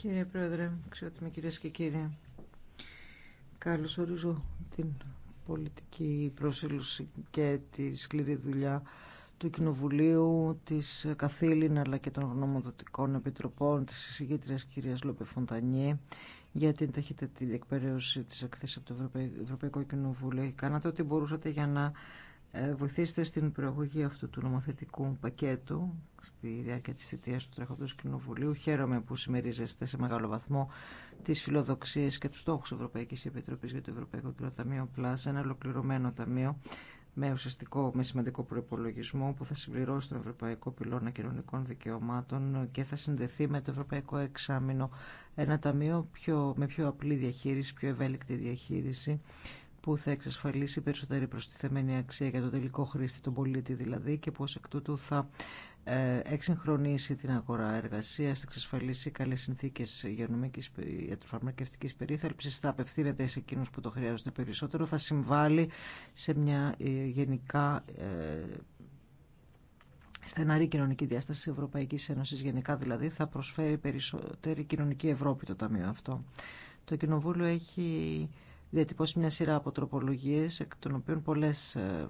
Κύριε Πρόεδρε, με κυρίε και κύριοι, καλώς ορίζω την πολιτική προσήλωση και τη σκληρή δουλειά του Κοινοβουλίου, της Καθήλυνα αλλά και των γνωμοδοτικών επιτροπών, της εισηγήτριας κυρίας Λόπε Φοντανιέ για την ταχύτατη εκπαίδευση της εκθέσης από το Ευρωπαϊκό Κοινοβούλιο. Κάνατε ό,τι μπορούσατε για να ε, βοηθήσετε στην προαγωγή αυτού του νομοθετικού πακέτου στη διάρκεια της θητείας του τρέχοντος κοινοβουλίου. Χαίρομαι που συμμερίζεστε σε μεγάλο βαθμό τις φιλοδοξίες και τους στόχους Ευρωπαϊκής Επιτροπής για το Ευρωπαϊκό Ταμείο Πλάς, ένα ολοκληρωμένο ταμείο με ουσιαστικό, με σημαντικό προπολογισμό που θα συμπληρώσει τον Ευρωπαϊκό Πυλώνα Κοινωνικών Δικαιωμάτων και θα συνδεθεί με το Ευρωπαϊκό Εξάμεινο. Ένα ταμείο πιο, με πιο απλή διαχείριση, πιο ευέλικτη διαχείριση που θα εξασφαλίσει περισσότερη προστιθεμένη αξία για τον τελικό χρήστη, τον πολίτη δηλαδή, και πώς εκ τούτου θα ε, εξυγχρονίσει την αγορά εργασία, θα εξασφαλίσει καλέ συνθήκε υγειονομική ιατροφαρμακευτική περίθαλψη, θα απευθύνεται σε εκείνου που το χρειάζονται περισσότερο, θα συμβάλλει σε μια ε, γενικά ε, στεναρή κοινωνική διάσταση της Ευρωπαϊκής Ένωσης γενικά δηλαδή θα προσφέρει περισσότερη κοινωνική Ευρώπη το Ταμείο αυτό. Το Κοινοβούλιο έχει διατυπώσει μια σειρά από τροπολογίες, εκ των οποίων πολλές ε,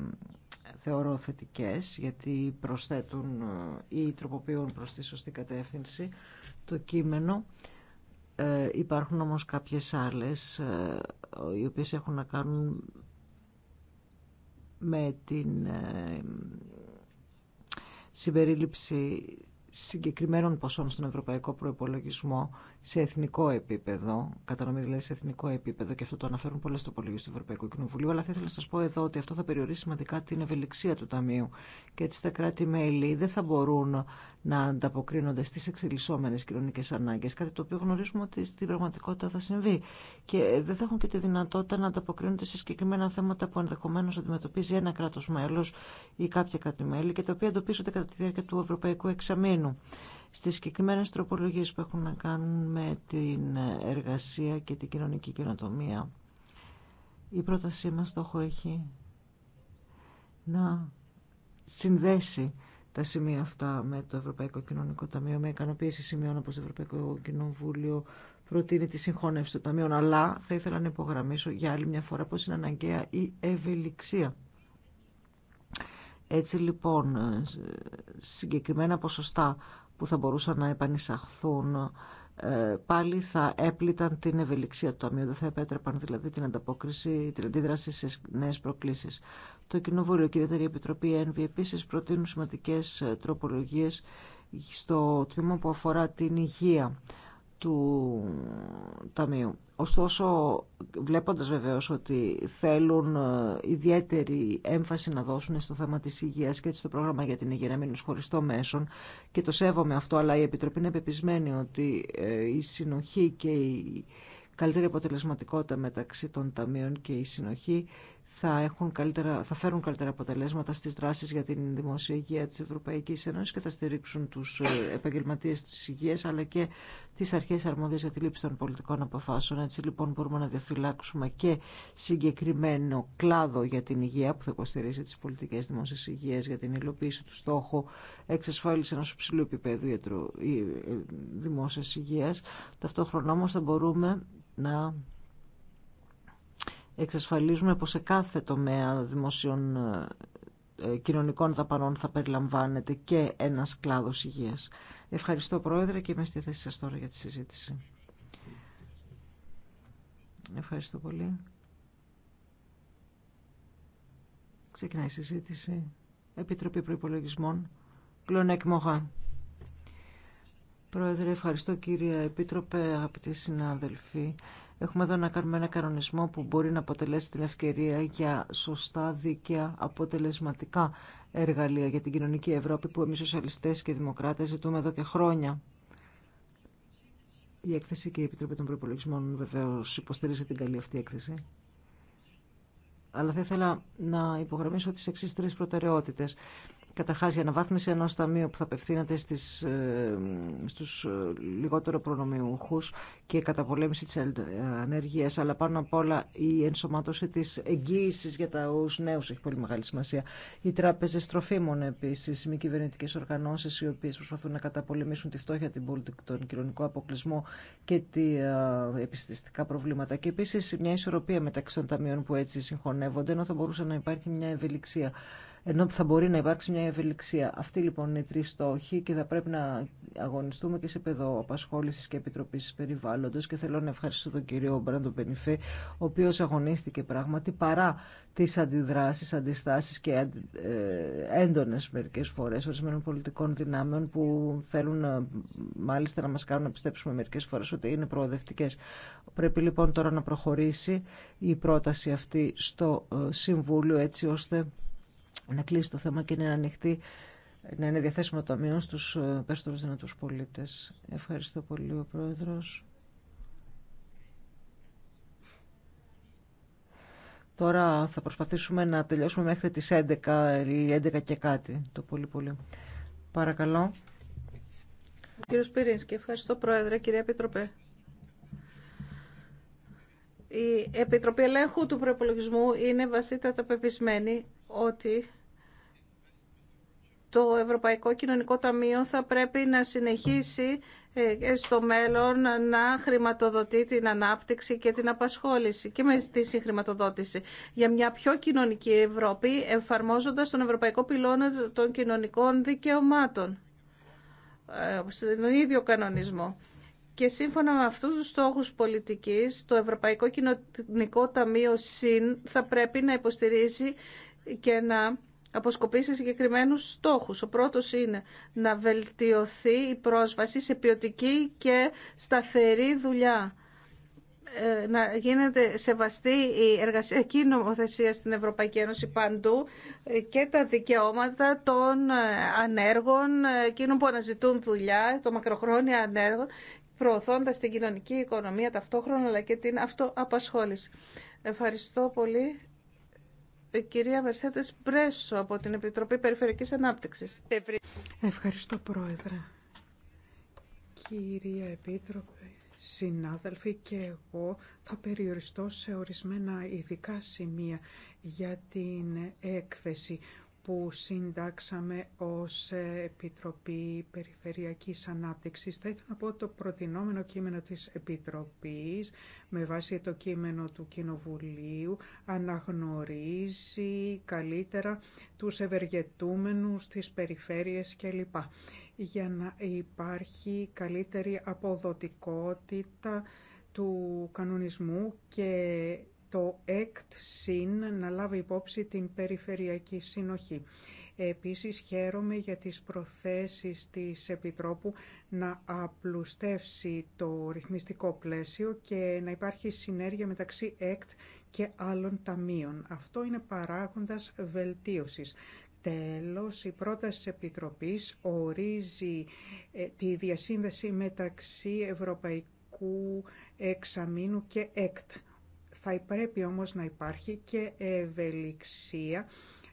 θεωρώ θετικές, γιατί προσθέτουν ε, ή τροποποιούν προς τη σωστή κατεύθυνση το κείμενο. Ε, υπάρχουν όμως κάποιες άλλες, οι οποίες έχουν να κάνουν με την συμπερίληψη συγκεκριμένων ποσών στον ευρωπαϊκό προϋπολογισμό σε εθνικό επίπεδο, κατανομή δηλαδή σε εθνικό επίπεδο, και αυτό το αναφέρουν πολλέ τοπολογίε του Ευρωπαϊκού Κοινοβουλίου, αλλά θα ήθελα να σα πω εδώ ότι αυτό θα περιορίσει σημαντικά την ευελιξία του Ταμείου. Και έτσι τα κράτη-μέλη δεν θα μπορούν να ανταποκρίνονται στι εξελισσόμενε κοινωνικέ ανάγκε, κάτι το οποίο γνωρίζουμε ότι στην πραγματικότητα θα συμβεί. Και δεν θα έχουν και τη δυνατότητα να ανταποκρίνονται σε συγκεκριμένα θέματα που ενδεχομένω αντιμετωπίζει ένα κράτο μέλο ή κάποια κράτη-μέλη και τα οποία εντοπίζονται κατά τη διάρκεια του Ευρωπαϊκού Εξαμήνου στις συγκεκριμένε τροπολογίες που έχουν να κάνουν με την εργασία και την κοινωνική καινοτομία. Η πρότασή μας στόχο έχει να συνδέσει τα σημεία αυτά με το Ευρωπαϊκό Κοινωνικό Ταμείο. Με ικανοποίηση σημειών, όπως το Ευρωπαϊκό Κοινοβούλιο προτείνει τη συγχώνευση των ταμείων, αλλά θα ήθελα να υπογραμμίσω για άλλη μια φορά πως είναι αναγκαία η ευελιξία. Έτσι λοιπόν συγκεκριμένα ποσοστά που θα μπορούσαν να επανεισαχθούν ε, πάλι θα έπληταν την ευελιξία του Ταμείου. Δεν θα επέτρεπαν δηλαδή την ανταπόκριση, την αντίδραση σε νέε προκλήσει. Το Κοινοβούλιο και η Ιδιαίτερη Επιτροπή ΕΝΒΙ επίση προτείνουν σημαντικέ ε, τροπολογίε στο τμήμα που αφορά την υγεία του Ταμείου. Ωστόσο, βλέποντας βεβαίως ότι θέλουν ε, ιδιαίτερη έμφαση να δώσουν στο θέμα της υγείας και έτσι το πρόγραμμα για την υγεία να μείνουν χωριστό μέσον και το σέβομαι αυτό, αλλά η Επιτροπή είναι πεπισμένη ότι ε, η συνοχή και η καλύτερη αποτελεσματικότητα μεταξύ των ταμείων και η συνοχή θα, έχουν καλύτερα, θα φέρουν καλύτερα αποτελέσματα στις δράσεις για την δημόσια υγεία της Ευρωπαϊκής Ένωσης και θα στηρίξουν τους ε, επαγγελματίες της υγείας αλλά και τις αρχές αρμόδιες για τη λήψη των πολιτικών αποφάσεων. Έτσι λοιπόν μπορούμε να διαφυλάξουμε και συγκεκριμένο κλάδο για την υγεία που θα υποστηρίζει τις πολιτικές δημόσιας υγείας για την υλοποίηση του στόχου εξασφάλιση ενός υψηλού επίπεδου ε, ε, δημόσιας υγείας. Ταυτόχρονα όμως θα μπορούμε να εξασφαλίζουμε πως σε κάθε τομέα δημοσίων ε, ε, κοινωνικών δαπανών θα περιλαμβάνεται και ένας κλάδος υγείας. Ευχαριστώ Πρόεδρε και είμαι στη θέση σας τώρα για τη συζήτηση. Ευχαριστώ πολύ. Ξεκινάει η συζήτηση. Επιτροπή Προϋπολογισμών. Κλονέκ Μοχά. Πρόεδρε, ευχαριστώ κύριε Επίτροπε, αγαπητοί συνάδελφοι. Έχουμε εδώ να κάνουμε ένα κανονισμό που μπορεί να αποτελέσει την ευκαιρία για σωστά, δίκαια, αποτελεσματικά εργαλεία για την κοινωνική Ευρώπη που εμείς σοσιαλιστές και δημοκράτες ζητούμε εδώ και χρόνια. Η έκθεση και η Επιτροπή των Προπολογισμών βεβαίω υποστηρίζει την καλή αυτή έκθεση. Αλλά θα ήθελα να υπογραμμίσω τις εξής τρεις προτεραιότητες καταρχάς η αναβάθμιση ενός ταμείου που θα απευθύνεται στις, ε, στους ε, λιγότερο προνομιούχους και η καταπολέμηση της ανεργίας, αλλά πάνω απ' όλα η ενσωμάτωση της εγγύησης για τους νέους έχει πολύ μεγάλη σημασία. Οι τράπεζες τροφίμων επίσης, οι μη κυβερνητικές οργανώσεις οι οποίες προσπαθούν να καταπολεμήσουν τη φτώχεια, την πολιτική, τον κοινωνικό αποκλεισμό και τα ε, επιστηστικά προβλήματα. Και επίσης μια ισορροπία μεταξύ των ταμείων που έτσι συγχωνεύονται, ενώ θα μπορούσε να υπάρχει μια ευελιξία ενώ θα μπορεί να υπάρξει μια ευελιξία. Αυτοί λοιπόν είναι οι τρει στόχοι και θα πρέπει να αγωνιστούμε και σε πεδίο απασχόληση και επιτροπή περιβάλλοντο. Και θέλω να ευχαριστήσω τον κύριο Μπράντο Πενιφέ, ο οποίο αγωνίστηκε πράγματι παρά τι αντιδράσει, αντιστάσει και ε, έντονε μερικέ φορέ ορισμένων πολιτικών δυνάμεων που θέλουν ε, μάλιστα να μα κάνουν να πιστέψουμε μερικέ φορέ ότι είναι προοδευτικέ. Πρέπει λοιπόν τώρα να προχωρήσει η πρόταση αυτή στο ε, Συμβούλιο έτσι ώστε να κλείσει το θέμα και να είναι ανοιχτή να είναι διαθέσιμο το ταμείο στους ε, περισσότερους δυνατούς πολίτες. Ευχαριστώ πολύ ο Πρόεδρος. Τώρα θα προσπαθήσουμε να τελειώσουμε μέχρι τις 11 ή 11 και κάτι το πολύ πολύ. Παρακαλώ. Ο κύριος ευχαριστώ Πρόεδρε, κυρία Επιτροπέ. Η Επιτροπή Ελέγχου του Προεπολογισμού είναι βαθύτατα πεπισμένη ότι το Ευρωπαϊκό Κοινωνικό Ταμείο θα πρέπει να συνεχίσει ε, ε, στο μέλλον να χρηματοδοτεί την ανάπτυξη και την απασχόληση και με τη συγχρηματοδότηση για μια πιο κοινωνική Ευρώπη εφαρμόζοντας τον Ευρωπαϊκό Πυλώνα των Κοινωνικών Δικαιωμάτων ε, στον ίδιο κανονισμό. Και σύμφωνα με αυτούς τους στόχους πολιτικής, το Ευρωπαϊκό Κοινωνικό Ταμείο ΣΥΝ θα πρέπει να υποστηρίζει και να αποσκοπεί σε συγκεκριμένους στόχους. Ο πρώτος είναι να βελτιωθεί η πρόσβαση σε ποιοτική και σταθερή δουλειά ε, να γίνεται σεβαστή η εργασιακή νομοθεσία στην Ευρωπαϊκή Ένωση παντού ε, και τα δικαιώματα των ε, ανέργων, εκείνων που αναζητούν δουλειά, των μακροχρόνια ανέργων, προωθώντας την κοινωνική οικονομία ταυτόχρονα αλλά και την αυτοαπασχόληση. Ευχαριστώ πολύ. Ε, κυρία Βεσέτες Μπρέσο από την Επιτροπή Περιφερειακής Ανάπτυξης. Ευχαριστώ Πρόεδρε. Κυρία Επίτροπε, συνάδελφοι και εγώ θα περιοριστώ σε ορισμένα ειδικά σημεία για την έκθεση που συντάξαμε ως Επιτροπή Περιφερειακής Ανάπτυξης. Θα ήθελα να πω το προτινόμενο κείμενο της Επιτροπής με βάση το κείμενο του Κοινοβουλίου αναγνωρίζει καλύτερα τους ευεργετούμενους, τις περιφέρειες κλπ. Για να υπάρχει καλύτερη αποδοτικότητα του κανονισμού και το ΕΚΤ-ΣΥΝ να λάβει υπόψη την περιφερειακή συνοχή. Επίσης χαίρομαι για τις προθέσεις της Επιτρόπου να απλουστεύσει το ρυθμιστικό πλαίσιο και να υπάρχει συνέργεια μεταξύ ΕΚΤ και άλλων ταμείων. Αυτό είναι παράγοντας βελτίωσης. Τέλος, η πρόταση της Επιτροπής ορίζει ε, τη διασύνδεση μεταξύ Ευρωπαϊκού Εξαμήνου και ΕΚΤ θα πρέπει όμως να υπάρχει και ευελιξία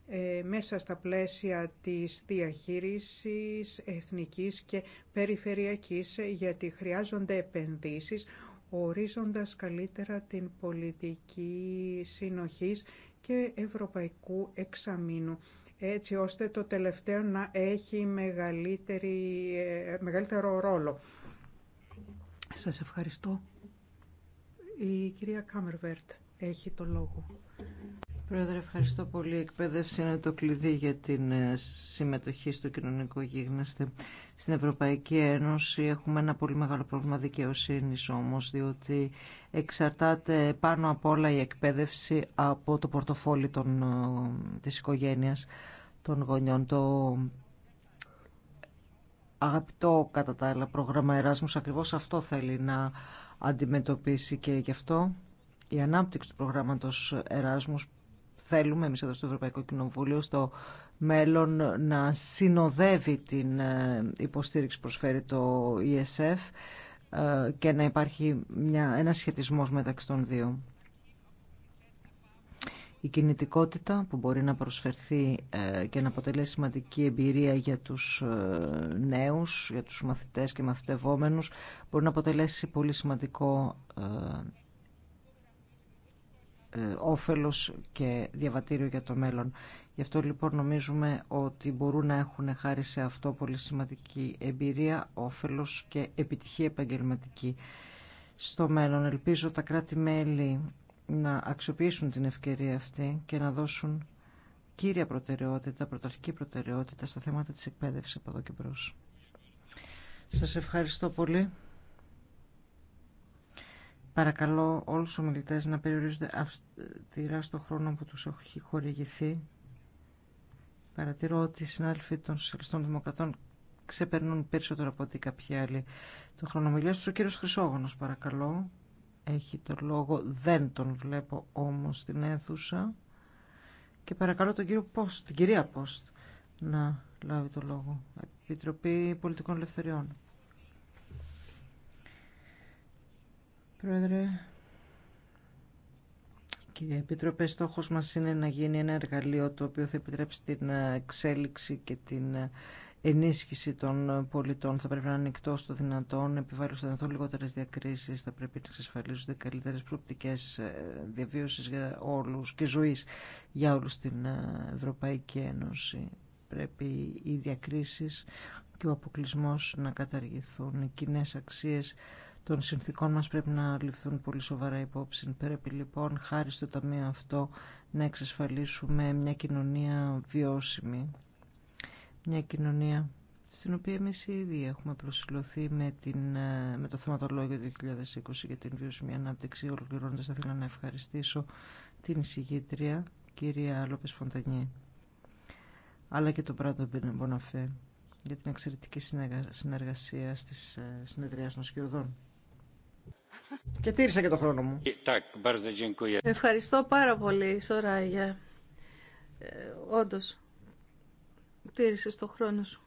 ε, μέσα στα πλαίσια της διαχείρισης εθνικής και περιφερειακής ε, γιατί χρειάζονται επενδύσεις ορίζοντας καλύτερα την πολιτική συνοχής και ευρωπαϊκού εξαμήνου έτσι ώστε το τελευταίο να έχει μεγαλύτερη, ε, μεγαλύτερο ρόλο. Σας ευχαριστώ η κυρία Κάμερβερτ έχει το λόγο. Πρόεδρε, ευχαριστώ πολύ. Η εκπαίδευση είναι το κλειδί για την ε, συμμετοχή στο κοινωνικό γίγνεσθε. Στην Ευρωπαϊκή Ένωση έχουμε ένα πολύ μεγάλο πρόβλημα δικαιοσύνη όμω, διότι εξαρτάται πάνω απ' όλα η εκπαίδευση από το πορτοφόλι των, ε, της οικογένειας των γονιών. Το αγαπητό κατά τα άλλα πρόγραμμα Εράσμους ακριβώς αυτό θέλει να αντιμετωπίσει και γι' αυτό η ανάπτυξη του προγράμματος Εράσμους θέλουμε εμείς εδώ στο Ευρωπαϊκό Κοινοβούλιο στο μέλλον να συνοδεύει την ε, υποστήριξη που προσφέρει το ESF ε, και να υπάρχει μια, ένα σχετισμός μεταξύ των δύο η κινητικότητα που μπορεί να προσφερθεί ε, και να αποτελέσει σημαντική εμπειρία για τους ε, νέους, για τους μαθητές και μαθητευόμενους, μπορεί να αποτελέσει πολύ σημαντικό ε, όφελος και διαβατήριο για το μέλλον. Γι' αυτό λοιπόν νομίζουμε ότι μπορούν να έχουν χάρη σε αυτό πολύ σημαντική εμπειρία, όφελος και επιτυχία επαγγελματική στο μέλλον. Ελπίζω τα κράτη-μέλη να αξιοποιήσουν την ευκαιρία αυτή και να δώσουν κύρια προτεραιότητα, πρωταρχική προτεραιότητα στα θέματα της εκπαίδευσης από εδώ και μπρος. Σας ευχαριστώ πολύ. Παρακαλώ όλους τους ομιλητές να περιορίζονται αυστηρά στο χρόνο που τους έχει χορηγηθεί. Παρατηρώ ότι οι συνάδελφοι των Σοσιαλιστών Δημοκρατών ξεπερνούν περισσότερο από ό,τι κάποιοι άλλοι. Το χρονομιλία του ο κύριος Χρυσόγονος, παρακαλώ έχει το λόγο, δεν τον βλέπω όμως στην αίθουσα. Και παρακαλώ τον κύριο Πόστ, την κυρία Πόστ να λάβει το λόγο. Επιτροπή Πολιτικών Ελευθεριών. Πρόεδρε, κύριε Επιτροπέ, στόχος μας είναι να γίνει ένα εργαλείο το οποίο θα επιτρέψει την ε, εξέλιξη και την ε, ενίσχυση των πολιτών. Θα πρέπει να είναι ανοιχτό στο δυνατόν, επιβάλλει στο δυνατόν λιγότερε διακρίσει, θα πρέπει να εξασφαλίζονται καλύτερε προοπτικέ ε, διαβίωση για όλου και ζωή για όλου στην ε, Ευρωπαϊκή Ένωση. Πρέπει οι διακρίσει και ο αποκλεισμό να καταργηθούν. Οι κοινέ αξίε των συνθήκων μας πρέπει να ληφθούν πολύ σοβαρά υπόψη. Πρέπει λοιπόν χάρη στο ταμείο αυτό να εξασφαλίσουμε μια κοινωνία βιώσιμη μια κοινωνία στην οποία εμείς ήδη έχουμε προσιλωθεί με, την, ε, με το θεματολόγιο 2020 για την βιώσιμη ανάπτυξη. Ολοκληρώνοντας θα ήθελα να ευχαριστήσω την εισηγήτρια, κυρία Λόπες Φοντανιέ, αλλά και τον Πράτο Μποναφέ για την εξαιρετική συνεργασία στις ε, συνεδριάσεις των σκιωδών. Και τήρησα και το χρόνο μου. Ε, Ευχαριστώ πάρα πολύ, Σωράγια. Ε, όντως, τήρησες το χρόνο σου.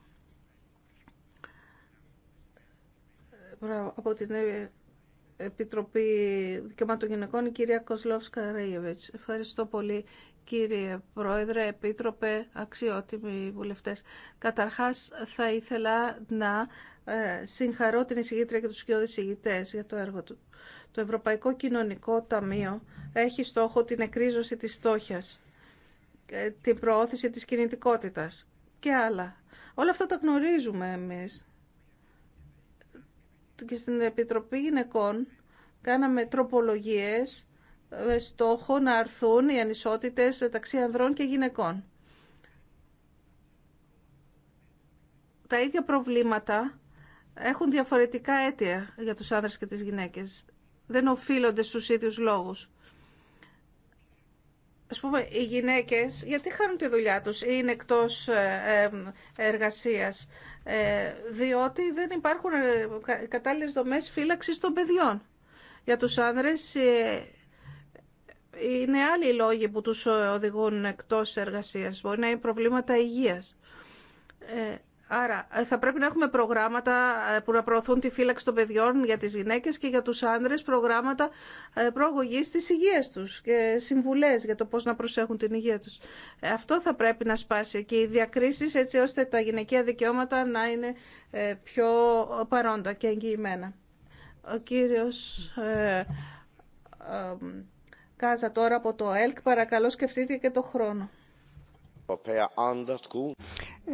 Από την ε, Επιτροπή Δικαιωμάτων Γυναικών, η κυρία Κοσλόφσκα Ρέιεβιτς. Ευχαριστώ πολύ κύριε Πρόεδρε, Επίτροπε, αξιότιμοι βουλευτές. Καταρχάς θα ήθελα να ε, συγχαρώ την εισηγήτρια και τους κοιόδη εισηγητές για το έργο του. Το Ευρωπαϊκό Κοινωνικό Ταμείο έχει στόχο την εκρίζωση της φτώχειας, ε, την προώθηση της κινητικότητας Όλα αυτά τα γνωρίζουμε εμείς. Και στην Επιτροπή Γυναικών κάναμε τροπολογίες με στόχο να αρθούν οι ανισότητες μεταξύ ανδρών και γυναικών. Τα ίδια προβλήματα έχουν διαφορετικά αίτια για τους άνδρες και τις γυναίκες. Δεν οφείλονται στους ίδιους λόγους ας πούμε, οι γυναίκες, γιατί χάνουν τη δουλειά τους ή είναι εκτός ε, ε, εργασίας, ε, διότι δεν υπάρχουν κατάλληλες δομές φύλαξης των παιδιών. Για τους άνδρες είναι άλλοι οι λόγοι που τους οδηγούν εκτός εργασίας. Μπορεί να είναι προβλήματα υγείας. Άρα ε, θα πρέπει να έχουμε προγράμματα ε, που να προωθούν τη φύλαξη των παιδιών για τις γυναίκες και για τους άνδρες προγράμματα ε, προαγωγής της υγείας τους και συμβουλές για το πώς να προσέχουν την υγεία τους. Αυτό θα πρέπει να σπάσει και οι διακρίσεις έτσι ώστε τα γυναικεία δικαιώματα να είναι πιο παρόντα και εγγυημένα. Ο κύριος Κάζα τώρα από το ΕΛΚ παρακαλώ σκεφτείτε και το χρόνο.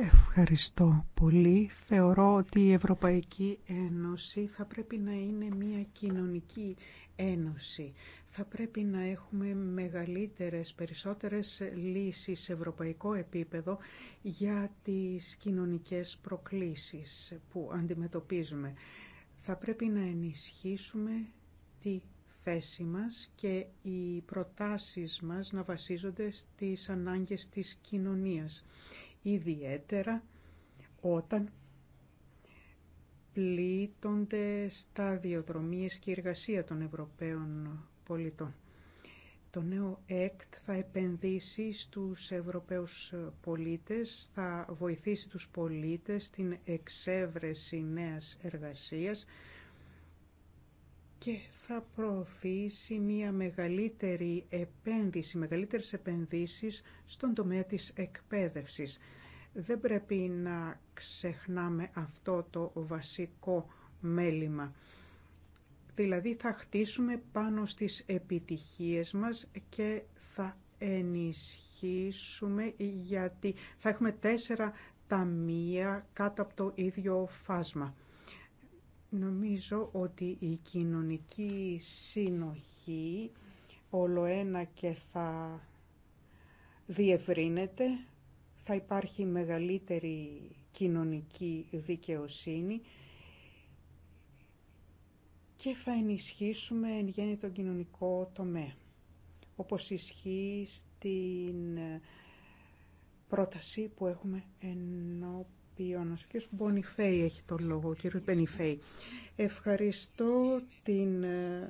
Ευχαριστώ πολύ. Θεωρώ ότι η Ευρωπαϊκή Ένωση θα πρέπει να είναι μια κοινωνική ένωση. Θα πρέπει να έχουμε μεγαλύτερες, περισσότερες λύσεις σε ευρωπαϊκό επίπεδο για τις κοινωνικές προκλήσεις που αντιμετωπίζουμε. Θα πρέπει να ενισχύσουμε τη θέση μας και οι προτάσεις μας να βασίζονται στις ανάγκες της κοινωνίας. Ιδιαίτερα όταν πλήττονται διοδρομίες και εργασία των Ευρωπαίων πολιτών. Το νέο ΕΚΤ θα επενδύσει στους Ευρωπαίους πολίτες, θα βοηθήσει τους πολίτες στην εξέβρεση νέας εργασίας και θα προωθήσει μια μεγαλύτερη επένδυση, μεγαλύτερες επενδύσεις στον τομέα της εκπαίδευσης. Δεν πρέπει να ξεχνάμε αυτό το βασικό μέλημα. Δηλαδή θα χτίσουμε πάνω στις επιτυχίες μας και θα ενισχύσουμε γιατί θα έχουμε τέσσερα ταμεία κάτω από το ίδιο φάσμα. Νομίζω ότι η κοινωνική συνοχή όλο ένα και θα διευρύνεται, θα υπάρχει μεγαλύτερη κοινωνική δικαιοσύνη και θα ενισχύσουμε εν γέννη τον κοινωνικό τομέα, όπως ισχύει στην πρόταση που έχουμε ενώπιον ο έχει το λόγο, ο κ. Ευχαριστώ την ε,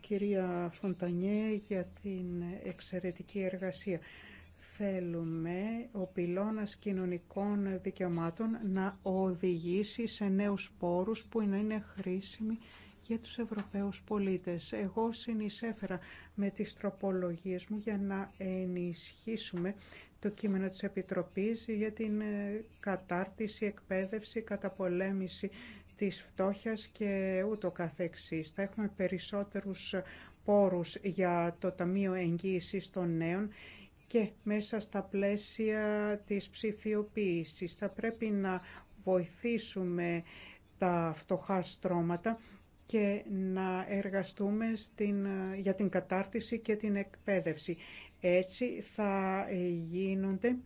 κυρία Φοντανιέ για την εξαιρετική εργασία. Θέλουμε ο πυλώνας κοινωνικών δικαιωμάτων να οδηγήσει σε νέους πόρους που να είναι χρήσιμοι για τους Ευρωπαίους πολίτες. Εγώ συνεισέφερα με τις τροπολογίες μου για να ενισχύσουμε το κείμενο της Επιτροπής για την ε, κατάρτιση, εκπαίδευση, καταπολέμηση της φτώχειας και ούτω καθεξής. Θα έχουμε περισσότερους πόρους για το Ταμείο Εγγύησης των Νέων και μέσα στα πλαίσια της ψηφιοποίησης θα πρέπει να βοηθήσουμε τα φτωχά στρώματα και να εργαστούμε στην, ε, για την κατάρτιση και την εκπαίδευση. Έτσι θα γίνονται,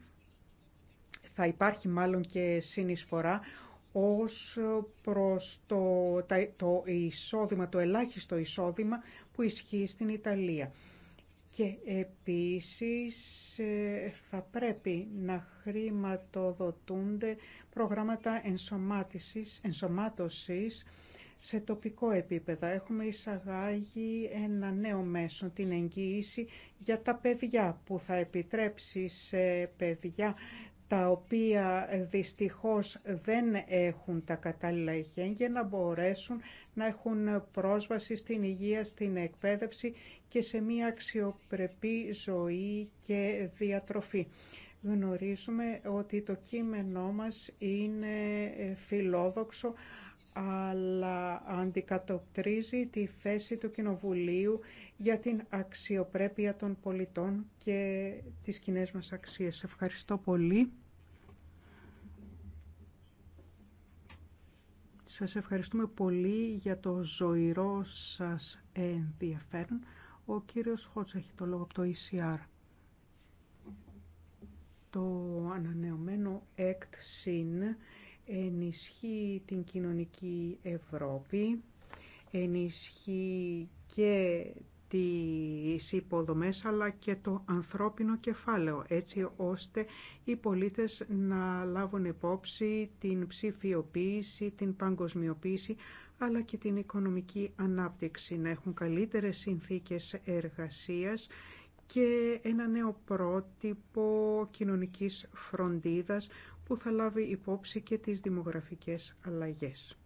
θα υπάρχει μάλλον και συνεισφορά ως προς το, το εισόδημα, το ελάχιστο εισόδημα που ισχύει στην Ιταλία. Και επίσης ε, θα πρέπει να χρηματοδοτούνται προγράμματα ενσωμάτωσης, ενσωμάτωσης σε τοπικό επίπεδο. Έχουμε εισαγάγει ένα νέο μέσο, την εγγύηση για τα παιδιά που θα επιτρέψει σε παιδιά τα οποία δυστυχώς δεν έχουν τα κατάλληλα για να μπορέσουν να έχουν πρόσβαση στην υγεία, στην εκπαίδευση και σε μια αξιοπρεπή ζωή και διατροφή. Γνωρίζουμε ότι το κείμενό μας είναι φιλόδοξο, αλλά αντικατοπτρίζει τη θέση του Κοινοβουλίου για την αξιοπρέπεια των πολιτών και τις κοινέ μας αξίες. Ευχαριστώ πολύ. Σας ευχαριστούμε πολύ για το ζωηρό σας ενδιαφέρον. Ο κύριος Χότς έχει το λόγο από το ECR. Το ανανεωμένο ΕΚΤ ενισχύει την κοινωνική Ευρώπη, ενισχύει και τις υποδομές αλλά και το ανθρώπινο κεφάλαιο έτσι ώστε οι πολίτες να λάβουν υπόψη την ψηφιοποίηση, την παγκοσμιοποίηση αλλά και την οικονομική ανάπτυξη, να έχουν καλύτερες συνθήκες εργασίας και ένα νέο πρότυπο κοινωνικής φροντίδας που θα λάβει υπόψη και τις δημογραφικές αλλαγές.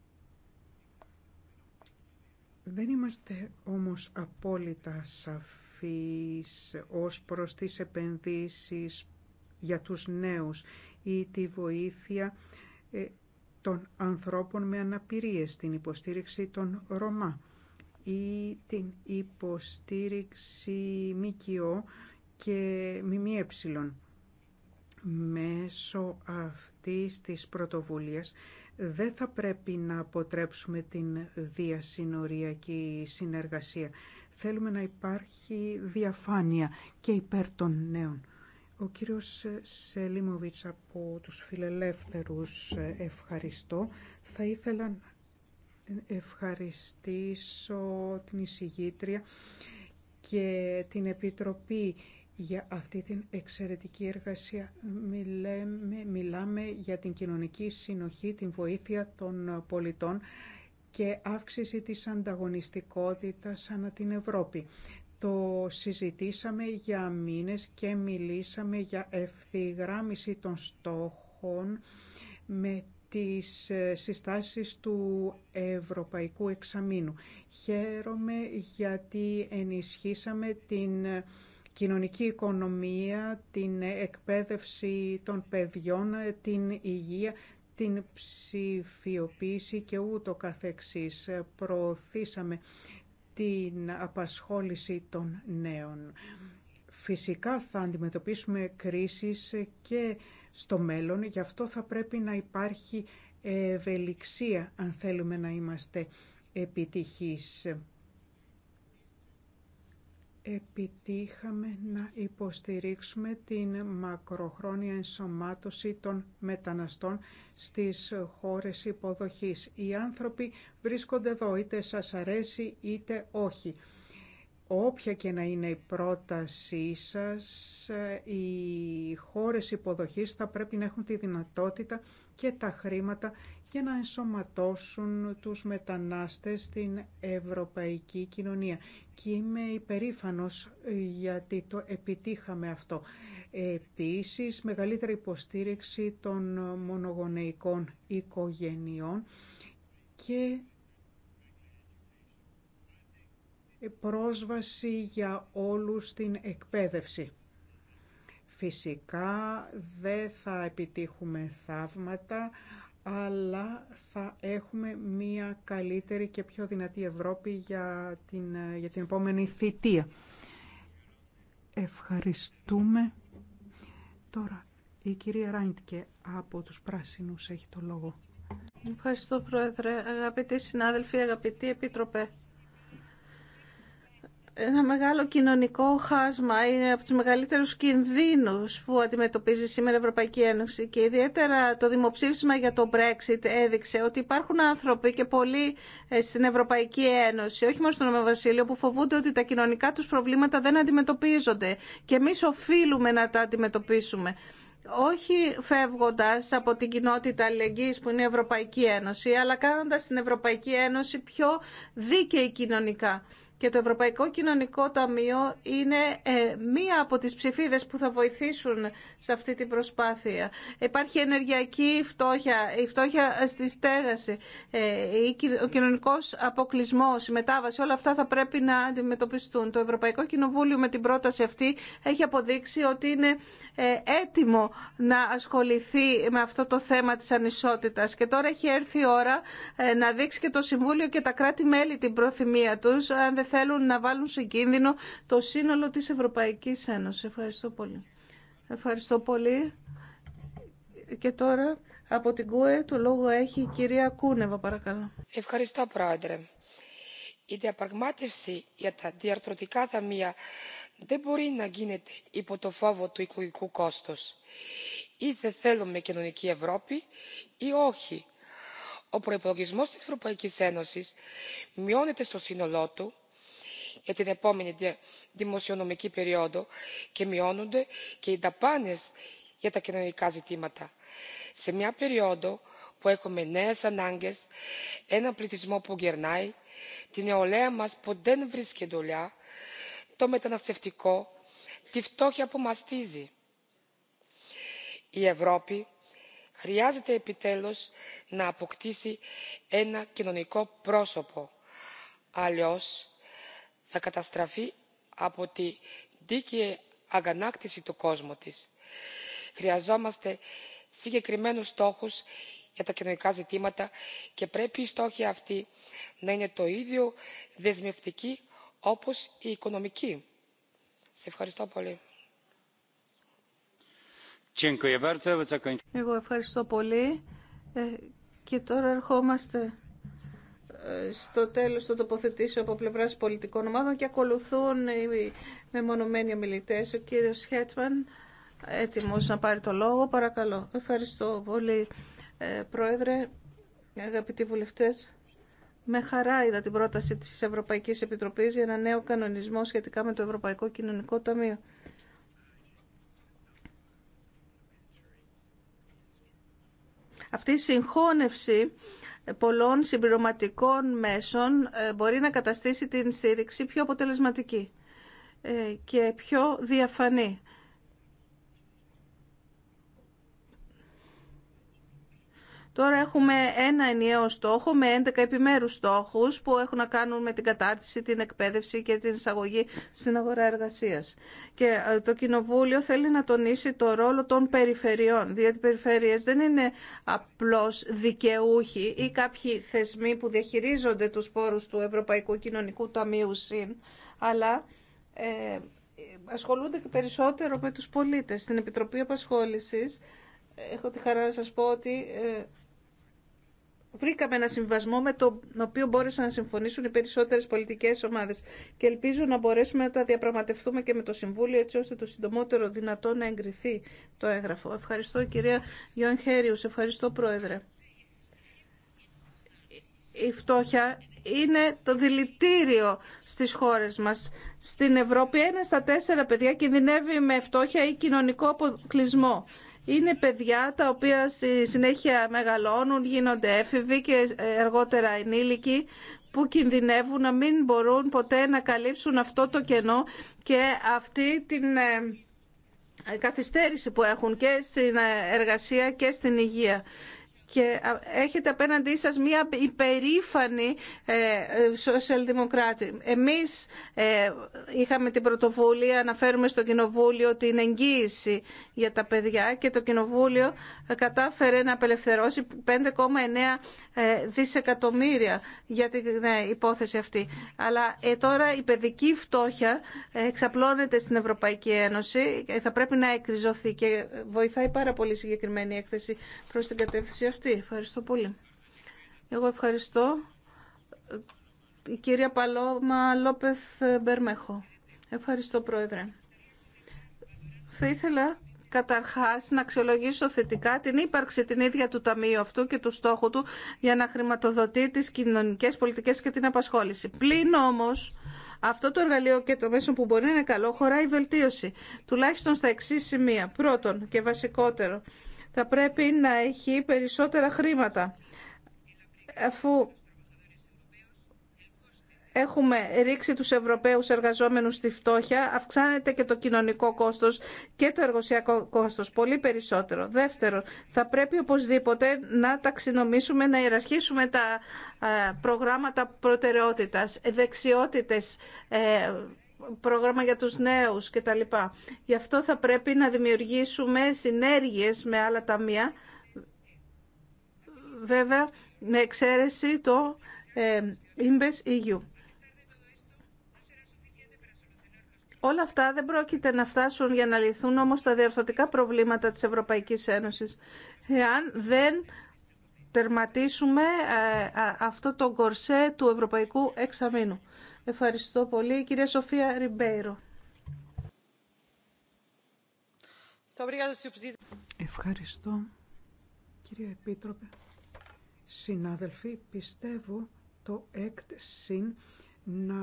Δεν είμαστε όμως απόλυτα σαφείς ως προς τις επενδύσεις για τους νέους ή τη βοήθεια ε, των ανθρώπων με αναπηρίες, την υποστήριξη των Ρωμά ή την υποστήριξη ΜΚΟ και ΜΜΕ. Μέσω αυτής της πρωτοβουλίας δεν θα πρέπει να αποτρέψουμε την διασυνοριακή συνεργασία. Θέλουμε να υπάρχει διαφάνεια και υπέρ των νέων. Ο κύριος Σελίμοβιτς από τους φιλελεύθερους ευχαριστώ. Θα ήθελα να ευχαριστήσω την εισηγήτρια και την Επιτροπή για αυτή την εξαιρετική εργασία. Μιλάμε, μιλάμε για την κοινωνική συνοχή, την βοήθεια των πολιτών και αύξηση της ανταγωνιστικότητας ανά την Ευρώπη. Το συζητήσαμε για μήνες και μιλήσαμε για ευθυγράμμιση των στόχων με τις ε, συστάσεις του Ευρωπαϊκού Εξαμήνου. Χαίρομαι γιατί ενισχύσαμε την ε, κοινωνική οικονομία, την εκπαίδευση των παιδιών, την υγεία, την ψηφιοποίηση και ούτω καθεξής. Προωθήσαμε την απασχόληση των νέων. Φυσικά θα αντιμετωπίσουμε κρίσεις και στο μέλλον, γι' αυτό θα πρέπει να υπάρχει ευελιξία αν θέλουμε να είμαστε επιτυχείς επιτύχαμε να υποστηρίξουμε την μακροχρόνια ενσωμάτωση των μεταναστών στις χώρες υποδοχής. Οι άνθρωποι βρίσκονται εδώ, είτε σας αρέσει είτε όχι. Όποια και να είναι η πρότασή σας, οι χώρες υποδοχής θα πρέπει να έχουν τη δυνατότητα και τα χρήματα για να ενσωματώσουν τους μετανάστες στην ευρωπαϊκή κοινωνία. Και είμαι υπερήφανος ε, γιατί το επιτύχαμε αυτό. Επίσης, μεγαλύτερη υποστήριξη των μονογονεϊκών οικογενειών και πρόσβαση για όλους στην εκπαίδευση. Φυσικά δεν θα επιτύχουμε θαύματα αλλά θα έχουμε μία καλύτερη και πιο δυνατή Ευρώπη για την, για την επόμενη θητεία. Ευχαριστούμε. Τώρα η κυρία Ράιντκε από τους Πράσινους έχει το λόγο. Ευχαριστώ Πρόεδρε. Αγαπητοί συνάδελφοι, αγαπητοί Επίτροπε ένα μεγάλο κοινωνικό χάσμα είναι από τους μεγαλύτερους κινδύνους που αντιμετωπίζει σήμερα η Ευρωπαϊκή Ένωση και ιδιαίτερα το δημοψήφισμα για το Brexit έδειξε ότι υπάρχουν άνθρωποι και πολλοί ε, στην Ευρωπαϊκή Ένωση, όχι μόνο στον Βασίλειο, που φοβούνται ότι τα κοινωνικά τους προβλήματα δεν αντιμετωπίζονται και εμείς οφείλουμε να τα αντιμετωπίσουμε όχι φεύγοντας από την κοινότητα αλληλεγγύης που είναι η Ευρωπαϊκή Ένωση, αλλά κάνοντας την Ευρωπαϊκή Ένωση πιο δίκαιη κοινωνικά. Και το Ευρωπαϊκό Κοινωνικό Ταμείο είναι ε, μία από τις ψηφίδες που θα βοηθήσουν σε αυτή την προσπάθεια. Υπάρχει ενεργειακή φτώχεια, η φτώχεια στη στέγαση, ε, ο κοινωνικός αποκλεισμός, η μετάβαση, όλα αυτά θα πρέπει να αντιμετωπιστούν. Το Ευρωπαϊκό Κοινοβούλιο με την πρόταση αυτή έχει αποδείξει ότι είναι ε, έτοιμο να ασχοληθεί με αυτό το θέμα της ανισότητας. Και τώρα έχει έρθει η ώρα να δείξει και το Συμβούλιο και τα κράτη-μέλη την προθυμία τους, θέλουν να βάλουν σε κίνδυνο το σύνολο της Ευρωπαϊκής Ένωσης. Ευχαριστώ πολύ. Ευχαριστώ πολύ. Και τώρα από την ΚΟΕ το λόγο έχει η κυρία Κούνεβα, παρακαλώ. Ευχαριστώ, Πρόεδρε. Η διαπραγμάτευση για τα διαρθρωτικά δαμεία δεν μπορεί να γίνεται υπό το φόβο του οικογικού κόστους. Είτε θέλουμε κοινωνική Ευρώπη ή όχι. Ο προπολογισμό της Ευρωπαϊκής Ένωσης μειώνεται στο σύνολό του για την επόμενη δημοσιονομική περίοδο και μειώνονται και οι δαπάνες για τα κοινωνικά ζητήματα. σε μια περίοδο που έχουμε νέες ανάγκες ένα πληθυσμό που γερνάει την νεολαία μας που δεν βρίσκει δουλειά το μεταναστευτικό τη φτώχεια που μαστίζει. η ευρώπη χρειάζεται επιτέλους να αποκτήσει ένα κοινωνικό πρόσωπο αλλιώς θα καταστραφεί από τη δίκαιη αγανάκτηση του κόσμου της. Χρειαζόμαστε συγκεκριμένους στόχους για τα κοινωνικά ζητήματα και πρέπει οι στόχοι αυτοί να είναι το ίδιο δεσμευτικοί όπως οι οικονομικοί. Σε ευχαριστώ πολύ. Εγώ ευχαριστώ πολύ. Ε, και τώρα ερχόμαστε στο τέλος το τοποθετήσω από πλευράς πολιτικών ομάδων και ακολουθούν οι μεμονωμένοι ομιλητέ. Ο κύριος Χέτμαν έτοιμος να πάρει το λόγο. Παρακαλώ. Ευχαριστώ πολύ ε, Πρόεδρε, αγαπητοί βουλευτές. Με χαρά είδα την πρόταση της Ευρωπαϊκής Επιτροπής για ένα νέο κανονισμό σχετικά με το Ευρωπαϊκό Κοινωνικό Ταμείο. Αυτή η συγχώνευση πολλών συμπληρωματικών μέσων ε, μπορεί να καταστήσει την στήριξη πιο αποτελεσματική ε, και πιο διαφανή. Τώρα έχουμε ένα ενιαίο στόχο με 11 επιμέρους στόχους που έχουν να κάνουν με την κατάρτιση, την εκπαίδευση και την εισαγωγή στην αγορά εργασίας. Και ε, το Κοινοβούλιο θέλει να τονίσει το ρόλο των περιφερειών, διότι οι περιφερειές δεν είναι απλώς δικαιούχοι ή κάποιοι θεσμοί που διαχειρίζονται τους πόρους του Ευρωπαϊκού Κοινωνικού Ταμείου ΣΥΝ, αλλά... Ε, ασχολούνται και περισσότερο με τους πολίτες. Στην Επιτροπή Απασχόλησης ε, έχω τη χαρά να σας πω ότι ε, βρήκαμε ένα συμβασμό με τον οποίο μπόρεσαν να συμφωνήσουν οι περισσότερες πολιτικές ομάδες και ελπίζω να μπορέσουμε να τα διαπραγματευτούμε και με το Συμβούλιο έτσι ώστε το συντομότερο δυνατό να εγκριθεί το έγγραφο. Ευχαριστώ κυρία Γιον Χέριου. ευχαριστώ πρόεδρε. Η φτώχεια είναι το δηλητήριο στις χώρες μας. Στην Ευρώπη ένα στα τέσσερα παιδιά κινδυνεύει με φτώχεια ή κοινωνικό αποκλεισμό είναι παιδιά τα οποία στη συνέχεια μεγαλώνουν, γίνονται έφηβοι και αργότερα ενήλικοι που κινδυνεύουν να μην μπορούν ποτέ να καλύψουν αυτό το κενό και αυτή την ε, καθυστέρηση που έχουν και στην ε, εργασία και στην υγεία και έχετε απέναντί σας μία υπερήφανη ε, σοσιαλδημοκράτη. Εμείς ε, είχαμε την πρωτοβουλία να φέρουμε στο Κοινοβούλιο την εγγύηση για τα παιδιά και το Κοινοβούλιο κατάφερε να απελευθερώσει 5,9 ε, δισεκατομμύρια για την ναι, υπόθεση αυτή. Αλλά ε, τώρα η παιδική φτώχεια ε, εξαπλώνεται στην Ευρωπαϊκή Ένωση. και Θα πρέπει να εκριζωθεί και βοηθάει πάρα πολύ συγκεκριμένη έκθεση προς την κατεύθυνση αυτή. Ευχαριστώ πολύ. Εγώ ευχαριστώ. Η κυρία Παλώμα Λόπεθ Μπερμέχο. Ευχαριστώ, Πρόεδρε. Θα ήθελα καταρχάς να αξιολογήσω θετικά την ύπαρξη την ίδια του Ταμείου αυτού και του στόχου του για να χρηματοδοτεί τις κοινωνικές πολιτικές και την απασχόληση. Πλην όμως αυτό το εργαλείο και το μέσο που μπορεί να είναι καλό χωράει βελτίωση, τουλάχιστον στα εξή σημεία. Πρώτον και βασικότερο, θα πρέπει να έχει περισσότερα χρήματα αφού έχουμε ρίξει τους Ευρωπαίους εργαζόμενους στη φτώχεια, αυξάνεται και το κοινωνικό κόστος και το εργοσιακό κόστος, πολύ περισσότερο. Δεύτερον, θα πρέπει οπωσδήποτε να ταξινομήσουμε, να ιεραρχήσουμε τα ε, προγράμματα προτεραιότητας, δεξιότητες, ε, πρόγραμμα για τους νέους κτλ. Γι' αυτό θα πρέπει να δημιουργήσουμε συνέργειες με άλλα ταμεία, βέβαια με εξαίρεση το ε, EU. Όλα αυτά δεν πρόκειται να φτάσουν για να λυθούν όμως τα διαρθωτικά προβλήματα της Ευρωπαϊκής Ένωσης εάν δεν τερματίσουμε ε, αυτό το κορσέ του Ευρωπαϊκού Εξαμήνου. Ευχαριστώ πολύ. Κυρία Σοφία Ριμπέιρο. Ευχαριστώ, κυρία Επίτροπε. Συνάδελφοι, πιστεύω το ΕΚΤ ΣΥΝ να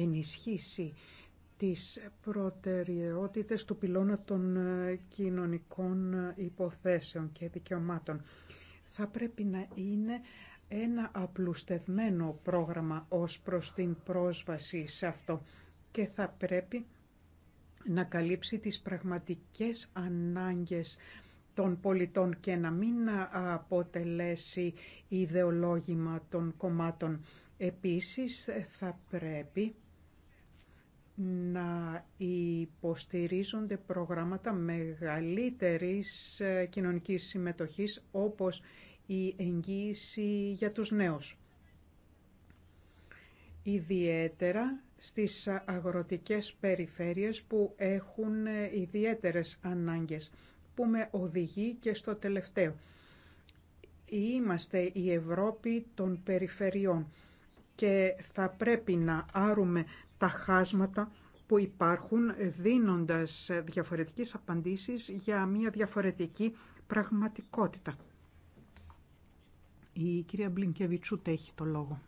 ενισχύσει τις προτεραιότητες του πυλώνα των ε, κοινωνικών ε, υποθέσεων και δικαιωμάτων. Θα πρέπει να είναι ένα απλουστευμένο πρόγραμμα ως προς την πρόσβαση σε αυτό και θα πρέπει να καλύψει τις πραγματικές ανάγκες των πολιτών και να μην αποτελέσει ιδεολόγημα των κομμάτων. Επίσης θα πρέπει να υποστηρίζονται προγράμματα μεγαλύτερης ε, κοινωνικής συμμετοχής όπως η εγγύηση για τους νέους. Ιδιαίτερα στις αγροτικές περιφέρειες που έχουν ε, ιδιαίτερες ανάγκες, που με οδηγεί και στο τελευταίο. Είμαστε η Ευρώπη των περιφερειών και θα πρέπει να άρουμε τα χάσματα που υπάρχουν ε, δίνοντας ε, διαφορετικές απαντήσεις για μια διαφορετική πραγματικότητα. Η κυρία Μπλινκεβιτσούτε έχει το λόγο.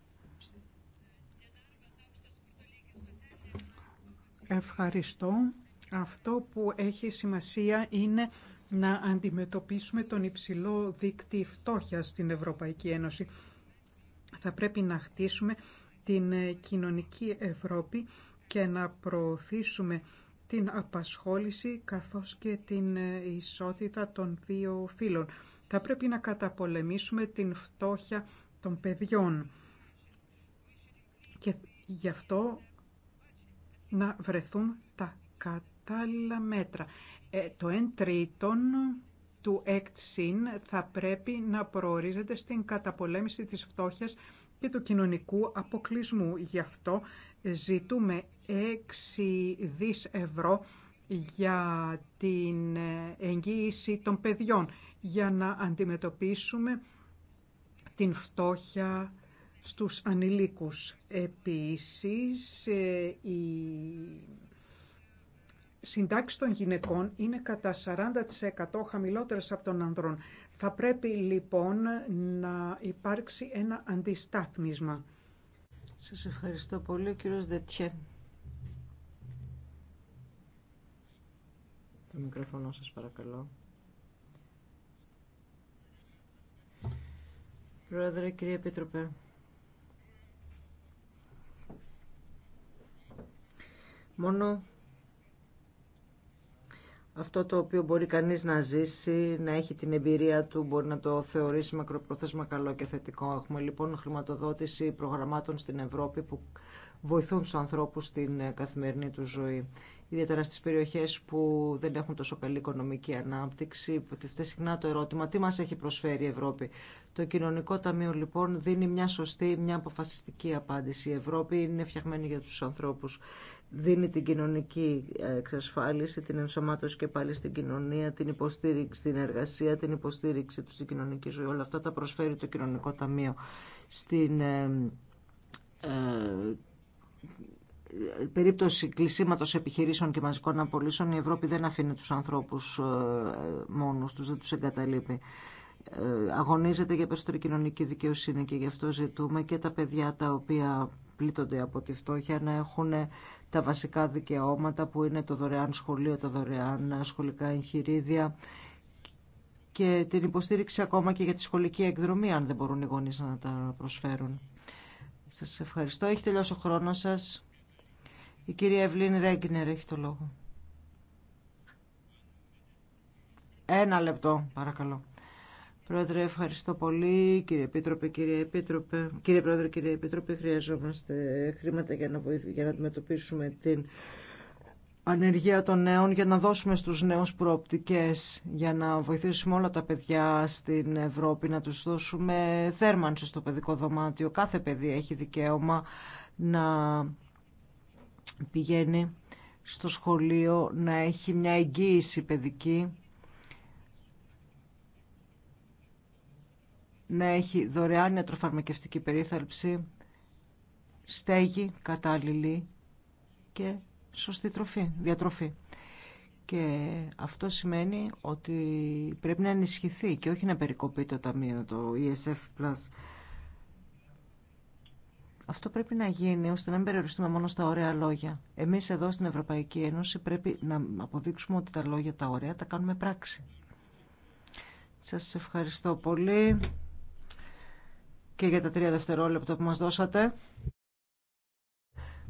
Ευχαριστώ. Αυτό που έχει σημασία είναι να αντιμετωπίσουμε τον υψηλό δίκτυ φτώχεια στην Ευρωπαϊκή Ένωση. Θα πρέπει να χτίσουμε την κοινωνική Ευρώπη και να προωθήσουμε την απασχόληση καθώς και την ισότητα των δύο φύλων. Θα πρέπει να καταπολεμήσουμε την φτώχεια των παιδιών και γι' αυτό να βρεθούν τα κατάλληλα μέτρα. Ε, το 1 τρίτον του ΕΚΤΣΙΝ θα πρέπει να προορίζεται στην καταπολέμηση της φτώχειας και του κοινωνικού αποκλεισμού. Γι' αυτό ζητούμε 6 δις ευρώ για την εγγύηση των παιδιών, για να αντιμετωπίσουμε την φτώχεια στους ανηλίκους. Επίσης, ε, η συντάξει των γυναικών είναι κατά 40% χαμηλότερες από των ανδρών. Θα πρέπει λοιπόν να υπάρξει ένα αντιστάθμισμα. Σας ευχαριστώ πολύ, κύριος Δετιέ. Το μικρόφωνο σας παρακαλώ. Πρόεδρε, κύριε Επίτροπε. Μόνο αυτό το οποίο μπορεί κανείς να ζήσει, να έχει την εμπειρία του, μπορεί να το θεωρήσει μακροπρόθεσμα καλό και θετικό. Έχουμε λοιπόν χρηματοδότηση προγραμμάτων στην Ευρώπη που βοηθούν τους ανθρώπους στην ε, καθημερινή τους ζωή. Ιδιαίτερα στις περιοχές που δεν έχουν τόσο καλή οικονομική ανάπτυξη, Φταίει συχνά το ερώτημα τι μας έχει προσφέρει η Ευρώπη. Το Κοινωνικό Ταμείο λοιπόν δίνει μια σωστή, μια αποφασιστική απάντηση. Η Ευρώπη είναι φτιαγμένη για τους ανθρώπους δίνει την κοινωνική εξασφάλιση, την ενσωμάτωση και πάλι στην κοινωνία, την υποστήριξη στην εργασία, την υποστήριξη του στην κοινωνική ζωή. Όλα αυτά τα προσφέρει το κοινωνικό ταμείο στην ε, ε, περίπτωση κλεισίματο επιχειρήσεων και μαζικών απολύσεων η Ευρώπη δεν αφήνει του ανθρώπου ε, μόνου του δεν του εγκαταλείπει ε, αγωνίζεται για περισσότερη κοινωνική δικαιοσύνη και γι' αυτό ζητούμε και τα παιδιά τα οποία πλήττονται από τη φτώχεια να έχουν τα βασικά δικαιώματα που είναι το δωρεάν σχολείο, τα δωρεάν σχολικά εγχειρίδια και την υποστήριξη ακόμα και για τη σχολική εκδρομή αν δεν μπορούν οι γονείς να τα προσφέρουν. Σας ευχαριστώ. Έχει τελειώσει ο χρόνος σας. Η κυρία Ευλίν Ρέγκνερ έχει το λόγο. Ένα λεπτό, παρακαλώ. Πρόεδρε, ευχαριστώ πολύ. Κύριε Επίτροπε, κύριε Επίτροπε, κύριε Πρόεδρε, κύριε Επίτροπε, χρειαζόμαστε χρήματα για να, για να αντιμετωπίσουμε την ανεργία των νέων, για να δώσουμε στους νέους προοπτικές, για να βοηθήσουμε όλα τα παιδιά στην Ευρώπη, να τους δώσουμε θέρμανση στο παιδικό δωμάτιο. Κάθε παιδί έχει δικαίωμα να πηγαίνει στο σχολείο, να έχει μια εγγύηση παιδική, να έχει δωρεάν ιατροφαρμακευτική περίθαλψη, στέγη κατάλληλη και σωστή τροφή, διατροφή. Και αυτό σημαίνει ότι πρέπει να ενισχυθεί και όχι να περικοπεί το ταμείο, το ESF+. Αυτό πρέπει να γίνει ώστε να μην περιοριστούμε μόνο στα ωραία λόγια. Εμείς εδώ στην Ευρωπαϊκή Ένωση πρέπει να αποδείξουμε ότι τα λόγια τα ωραία τα κάνουμε πράξη. Σας ευχαριστώ πολύ και για τα τρία δευτερόλεπτα που μας δώσατε.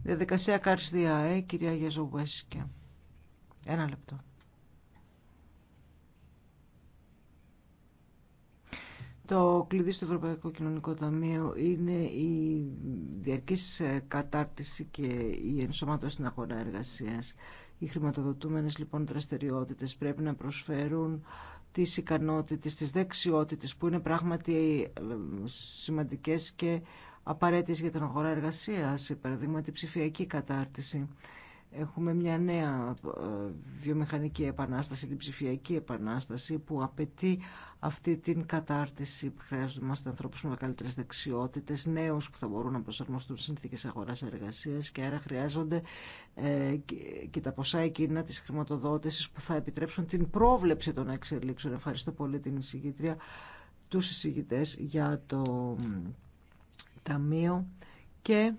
Διαδικασία καρστία, κυρία Γεζογουέσικε. Ένα λεπτό. Το κλειδί στο Ευρωπαϊκό Κοινωνικό Ταμείο είναι η διαρκής κατάρτιση και η ενσωμάτωση στην αγορά εργασίας. Οι χρηματοδοτούμενες λοιπόν δραστηριότητες πρέπει να προσφέρουν τις ικανότητες, τις δεξιότητες που είναι πράγματι ε, σημαντικές και απαραίτητες για την αγορά εργασίας, παραδείγματι ψηφιακή κατάρτιση. Έχουμε μια νέα ε, βιομηχανική επανάσταση, την ψηφιακή επανάσταση που απαιτεί αυτή την κατάρτιση που χρειάζομαστε ανθρώπους με καλύτερες δεξιότητες, νέους που θα μπορούν να προσαρμοστούν συνθήκες αγοράς εργασίας και άρα χρειάζονται ε, και τα ποσά εκείνα της χρηματοδότησης που θα επιτρέψουν την πρόβλεψη των εξελίξεων. Ευχαριστώ πολύ την εισηγήτρια, τους εισηγητές για το Ταμείο και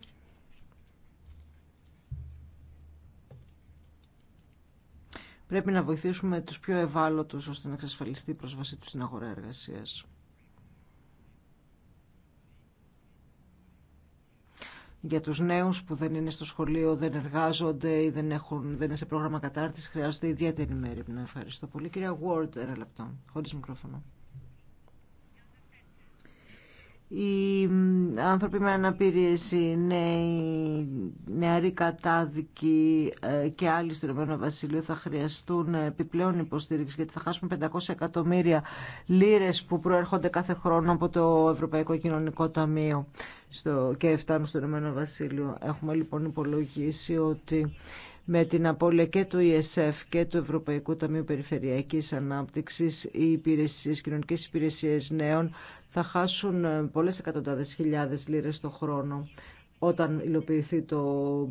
Πρέπει να βοηθήσουμε τους πιο ευάλωτους ώστε να εξασφαλιστεί η πρόσβασή τους στην αγορά εργασίας. για τους νέους που δεν είναι στο σχολείο, δεν εργάζονται ή δεν, έχουν, δεν είναι σε πρόγραμμα κατάρτισης, χρειάζεται ιδιαίτερη μέρη. Ευχαριστώ πολύ. Κυρία Ward, ένα λεπτό, χωρίς μικρόφωνο οι άνθρωποι με αναπηρίες, οι νέοι, νεαροί κατάδικοι ε, και άλλοι στο Ηνωμένο Βασίλειο θα χρειαστούν επιπλέον υποστήριξη γιατί θα χάσουμε 500 εκατομμύρια λίρες που προέρχονται κάθε χρόνο από το Ευρωπαϊκό Κοινωνικό Ταμείο στο, και φτάνουν στο Ηνωμένο Βασίλειο. Έχουμε λοιπόν υπολογίσει ότι με την απώλεια και του ESF και του Ευρωπαϊκού Ταμείου Περιφερειακής Ανάπτυξης οι υπηρεσίες, κοινωνικές υπηρεσίες νέων θα χάσουν ε, πολλές εκατοντάδες χιλιάδες λίρες το χρόνο όταν υλοποιηθεί το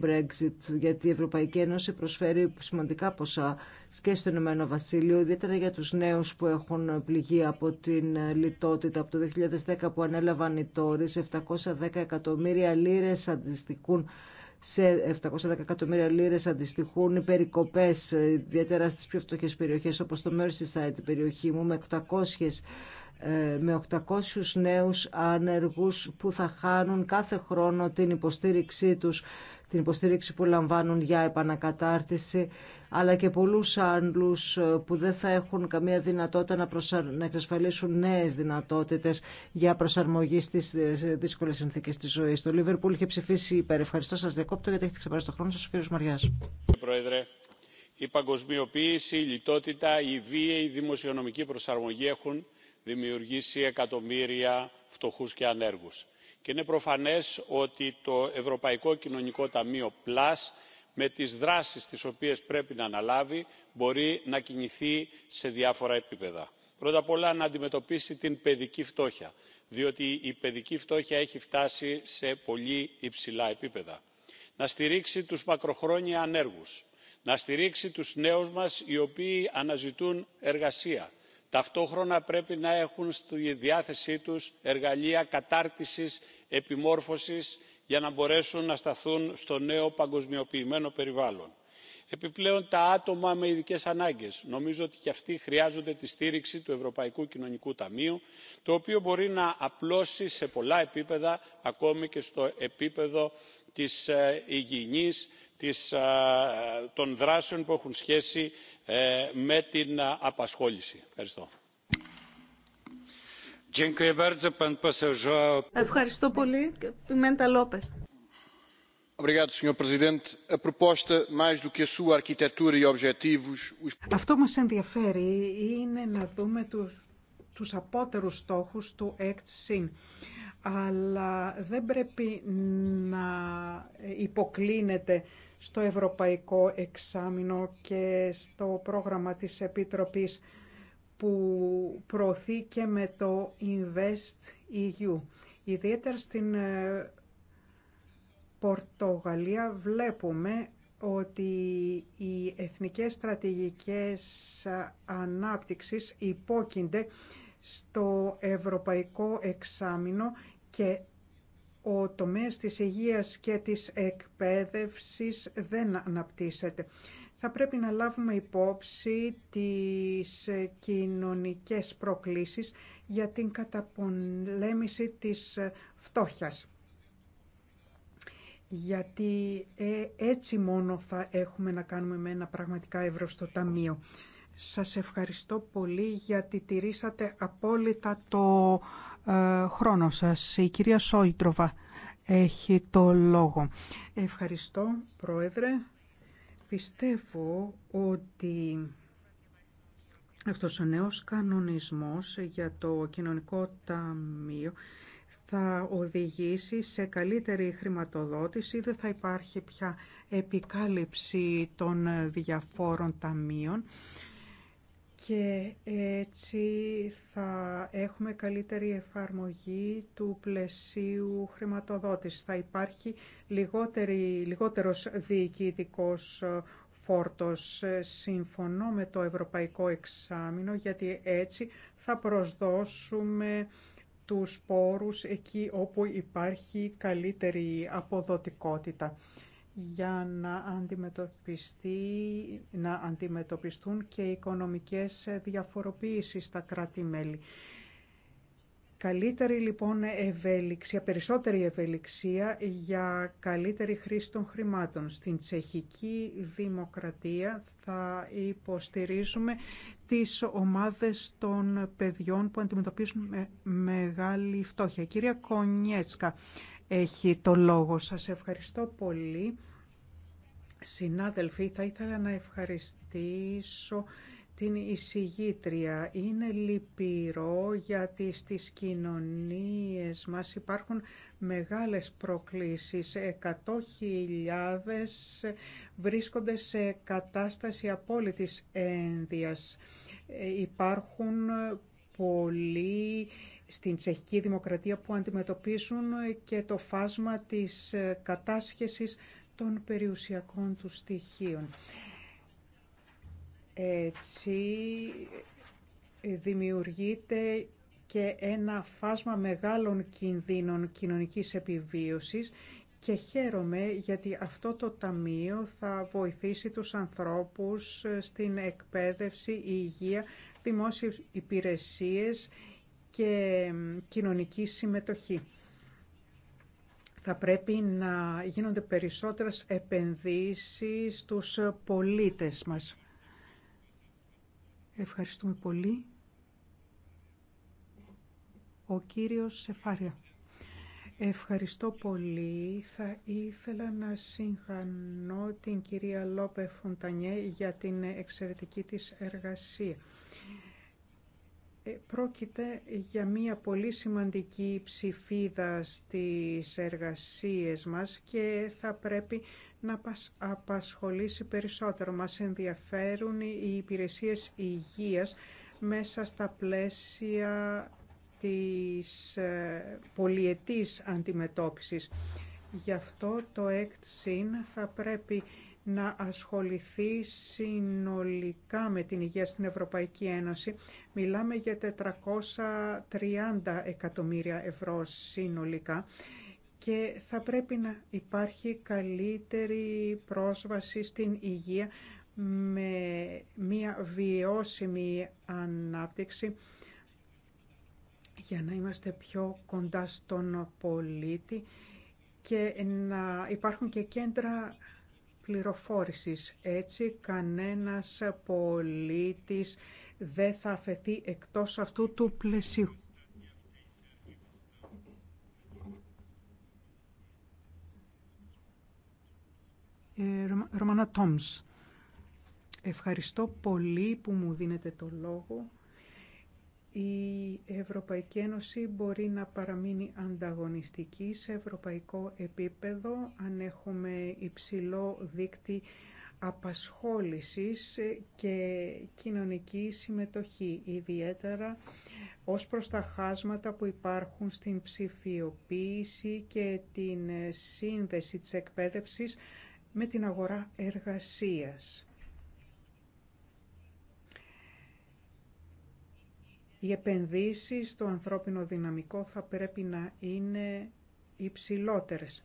Brexit, γιατί η Ευρωπαϊκή Ένωση προσφέρει σημαντικά ποσά και στο Ηνωμένο Βασίλειο, ιδιαίτερα για τους νέους που έχουν πληγεί από την ε, λιτότητα. Από το 2010 που ανέλαβαν οι τόρεις, 710 εκατομμύρια λίρες αντιστοιχούν σε 710 εκατομμύρια λίρες αντιστοιχούν οι περικοπές ιδιαίτερα στις πιο φτωχές περιοχές όπως το Merseyside, η περιοχή μου, με 800 ε, με 800 νέους ανεργούς που θα χάνουν κάθε χρόνο την υποστήριξή τους την υποστήριξη που λαμβάνουν για επανακατάρτιση, αλλά και πολλούς άλλους που δεν θα έχουν καμία δυνατότητα να, να εξασφαλίσουν νέες δυνατότητες για προσαρμογή στις δύσκολες συνθήκες της ζωής. Το Λίβερπουλ είχε ψηφίσει υπέρ. Ευχαριστώ σας διακόπτω γιατί έχετε ξεπεράσει το χρόνο σας. Ο κύριος Μαριάς. Πρόεδρε, η παγκοσμιοποίηση, η λιτότητα, η βία, η δημοσιονομική προσαρμογή έχουν δημιουργήσει εκατομμύρια φτωχούς και ανέργους και είναι προφανές ότι το ευρωπαϊκό κοινωνικό ταμείο πλας με τις δράσεις τις οποίες πρέπει να αναλάβει μπορεί να κινηθεί σε διάφορα επίπεδα. πρώτα απ' όλα να αντιμετωπίσει την παιδική φτώχεια διότι η παιδική φτώχεια έχει φτάσει σε πολύ υψηλά επίπεδα. να στηρίξει τους μακροχρόνια ανέργους να στηρίξει τους νέους μας οι οποίοι αναζητούν εργασία ταυτόχρονα πρέπει να έχουν στη διάθεσή τους εργαλεία κατάρτισης επιμόρφωσης για να μπορέσουν να σταθούν στο νέο παγκοσμιοποιημένο περιβάλλον. επιπλέον τα άτομα με ειδικές ανάγκες νομίζω ότι και αυτοί χρειάζονται τη στήριξη του ευρωπαϊκού κοινωνικού ταμείου το οποίο μπορεί να απλώσει σε πολλά επίπεδα ακόμη και στο επίπεδο της ε, υγιεινής ε, των δράσεων που έχουν σχέση ε, με την απασχόληση. Ευχαριστώ. Ευχαριστώ πολύ. Πιμέντα Λόπες. Αυτό μας ενδιαφέρει είναι να δούμε τους, τους απότερους στόχους του ΕΚΤΣΙΝ αλλά δεν πρέπει να υποκλίνεται στο Ευρωπαϊκό Εξάμεινο και στο πρόγραμμα της Επίτροπης που προωθεί και με το Invest EU. Ιδιαίτερα στην ε, Πορτογαλία βλέπουμε ότι οι εθνικές στρατηγικές ανάπτυξης υπόκεινται στο Ευρωπαϊκό Εξάμεινο και ο τομέας της υγείας και της εκπαίδευσης δεν αναπτύσσεται. Θα πρέπει να λάβουμε υπόψη τις κοινωνικές προκλήσεις για την καταπολέμηση της φτώχειας. Γιατί ε, έτσι μόνο θα έχουμε να κάνουμε με ένα πραγματικά στο ταμείο. Σας ευχαριστώ πολύ γιατί τηρήσατε απόλυτα το ε, χρόνο σας. Η κυρία Σόιτροβα έχει το λόγο. Ευχαριστώ, Πρόεδρε. Πιστεύω ότι αυτός ο νέος κανονισμός για το κοινωνικό ταμείο θα οδηγήσει σε καλύτερη χρηματοδότηση, δεν θα υπάρχει πια επικάλυψη των διαφόρων ταμείων και έτσι θα έχουμε καλύτερη εφαρμογή του πλαισίου χρηματοδότησης. Θα υπάρχει λιγότερη, λιγότερος διοικητικός ε, φόρτος. Ε, Συμφωνώ με το Ευρωπαϊκό Εξάμεινο γιατί έτσι θα προσδώσουμε τους πόρους εκεί όπου υπάρχει καλύτερη αποδοτικότητα για να, αντιμετωπιστεί, να αντιμετωπιστούν και οι οικονομικές διαφοροποίησεις στα κράτη-μέλη. Καλύτερη λοιπόν ευελιξία, περισσότερη ευελιξία για καλύτερη χρήση των χρημάτων. Στην τσεχική δημοκρατία θα υποστηρίζουμε τις ομάδες των παιδιών που αντιμετωπίζουν μεγάλη φτώχεια. Κυρία Κονιέτσκα, έχει το λόγο. Σας ευχαριστώ πολύ. Συνάδελφοι, θα ήθελα να ευχαριστήσω την εισηγήτρια. Είναι λυπηρό γιατί στις κοινωνίες μας υπάρχουν μεγάλες προκλήσεις. 100.000 βρίσκονται σε κατάσταση απόλυτης ένδυας. Ε, υπάρχουν πολλοί στην Τσεχική Δημοκρατία που αντιμετωπίζουν ε, και το φάσμα της ε, κατάσχεσης των περιουσιακών του στοιχείων. Έτσι ε, δημιουργείται και ένα φάσμα μεγάλων κινδύνων κοινωνικής επιβίωσης και χαίρομαι γιατί αυτό το ταμείο θα βοηθήσει τους ανθρώπους στην εκπαίδευση, η υγεία, δημόσιες υπηρεσίες, και κοινωνική συμμετοχή. Θα πρέπει να γίνονται περισσότερες επενδύσεις στους πολίτες μας. Ευχαριστούμε πολύ. Ο κύριος Σεφάρια. Ευχαριστώ πολύ. Θα ήθελα να συγχανώ την κυρία Λόπε Φοντανιέ για την εξαιρετική της εργασία. Ε, πρόκειται για μία πολύ σημαντική ψηφίδα στις εργασίες μας και θα πρέπει να απασχολήσει περισσότερο. Μας ενδιαφέρουν οι υπηρεσίες υγείας μέσα στα πλαίσια της ε, πολιετής αντιμετώπισης Γι' αυτό το ΕΚΤΣΙΝ θα πρέπει να ασχοληθεί συνολικά με την υγεία στην Ευρωπαϊκή Ένωση. Μιλάμε για 430 εκατομμύρια ευρώ συνολικά και θα πρέπει να υπάρχει καλύτερη πρόσβαση στην υγεία με μια βιώσιμη ανάπτυξη για να είμαστε πιο κοντά στον πολίτη και να υπάρχουν και κέντρα πληροφόρησης. Έτσι κανένας πολίτης δεν θα αφαιθεί εκτός αυτού του πλαισίου. Ε, Ρωμανά Τόμς, ευχαριστώ πολύ που μου δίνετε το λόγο η Ευρωπαϊκή Ένωση μπορεί να παραμείνει ανταγωνιστική σε ευρωπαϊκό επίπεδο αν έχουμε υψηλό δίκτυ απασχόλησης και κοινωνική συμμετοχή, ιδιαίτερα ως προς τα χάσματα που υπάρχουν στην ψηφιοποίηση και την σύνδεση της εκπαίδευσης με την αγορά εργασίας. Οι επενδύσεις στο ανθρώπινο δυναμικό θα πρέπει να είναι υψηλότερες.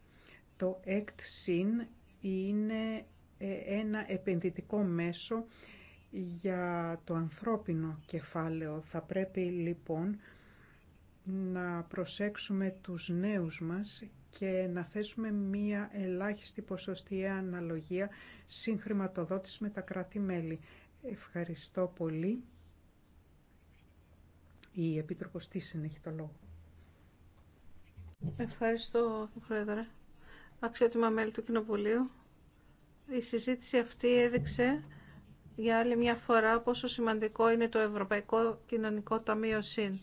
Το ΕΚΤΣΙΝ είναι ε, ένα επενδυτικό μέσο για το ανθρώπινο κεφάλαιο. Θα πρέπει λοιπόν να προσέξουμε τους νέους μας και να θέσουμε μία ελάχιστη ποσοστιαία αναλογία συγχρηματοδότηση με τα κράτη-μέλη. Ευχαριστώ πολύ. Η επίτροπο Τίσεν έχει το λόγο. Ευχαριστώ, Πρόεδρε. Αξιότιμα μέλη του Κοινοβουλίου. Η συζήτηση αυτή έδειξε για άλλη μια φορά πόσο σημαντικό είναι το Ευρωπαϊκό Κοινωνικό Ταμείο ΣΥΝ.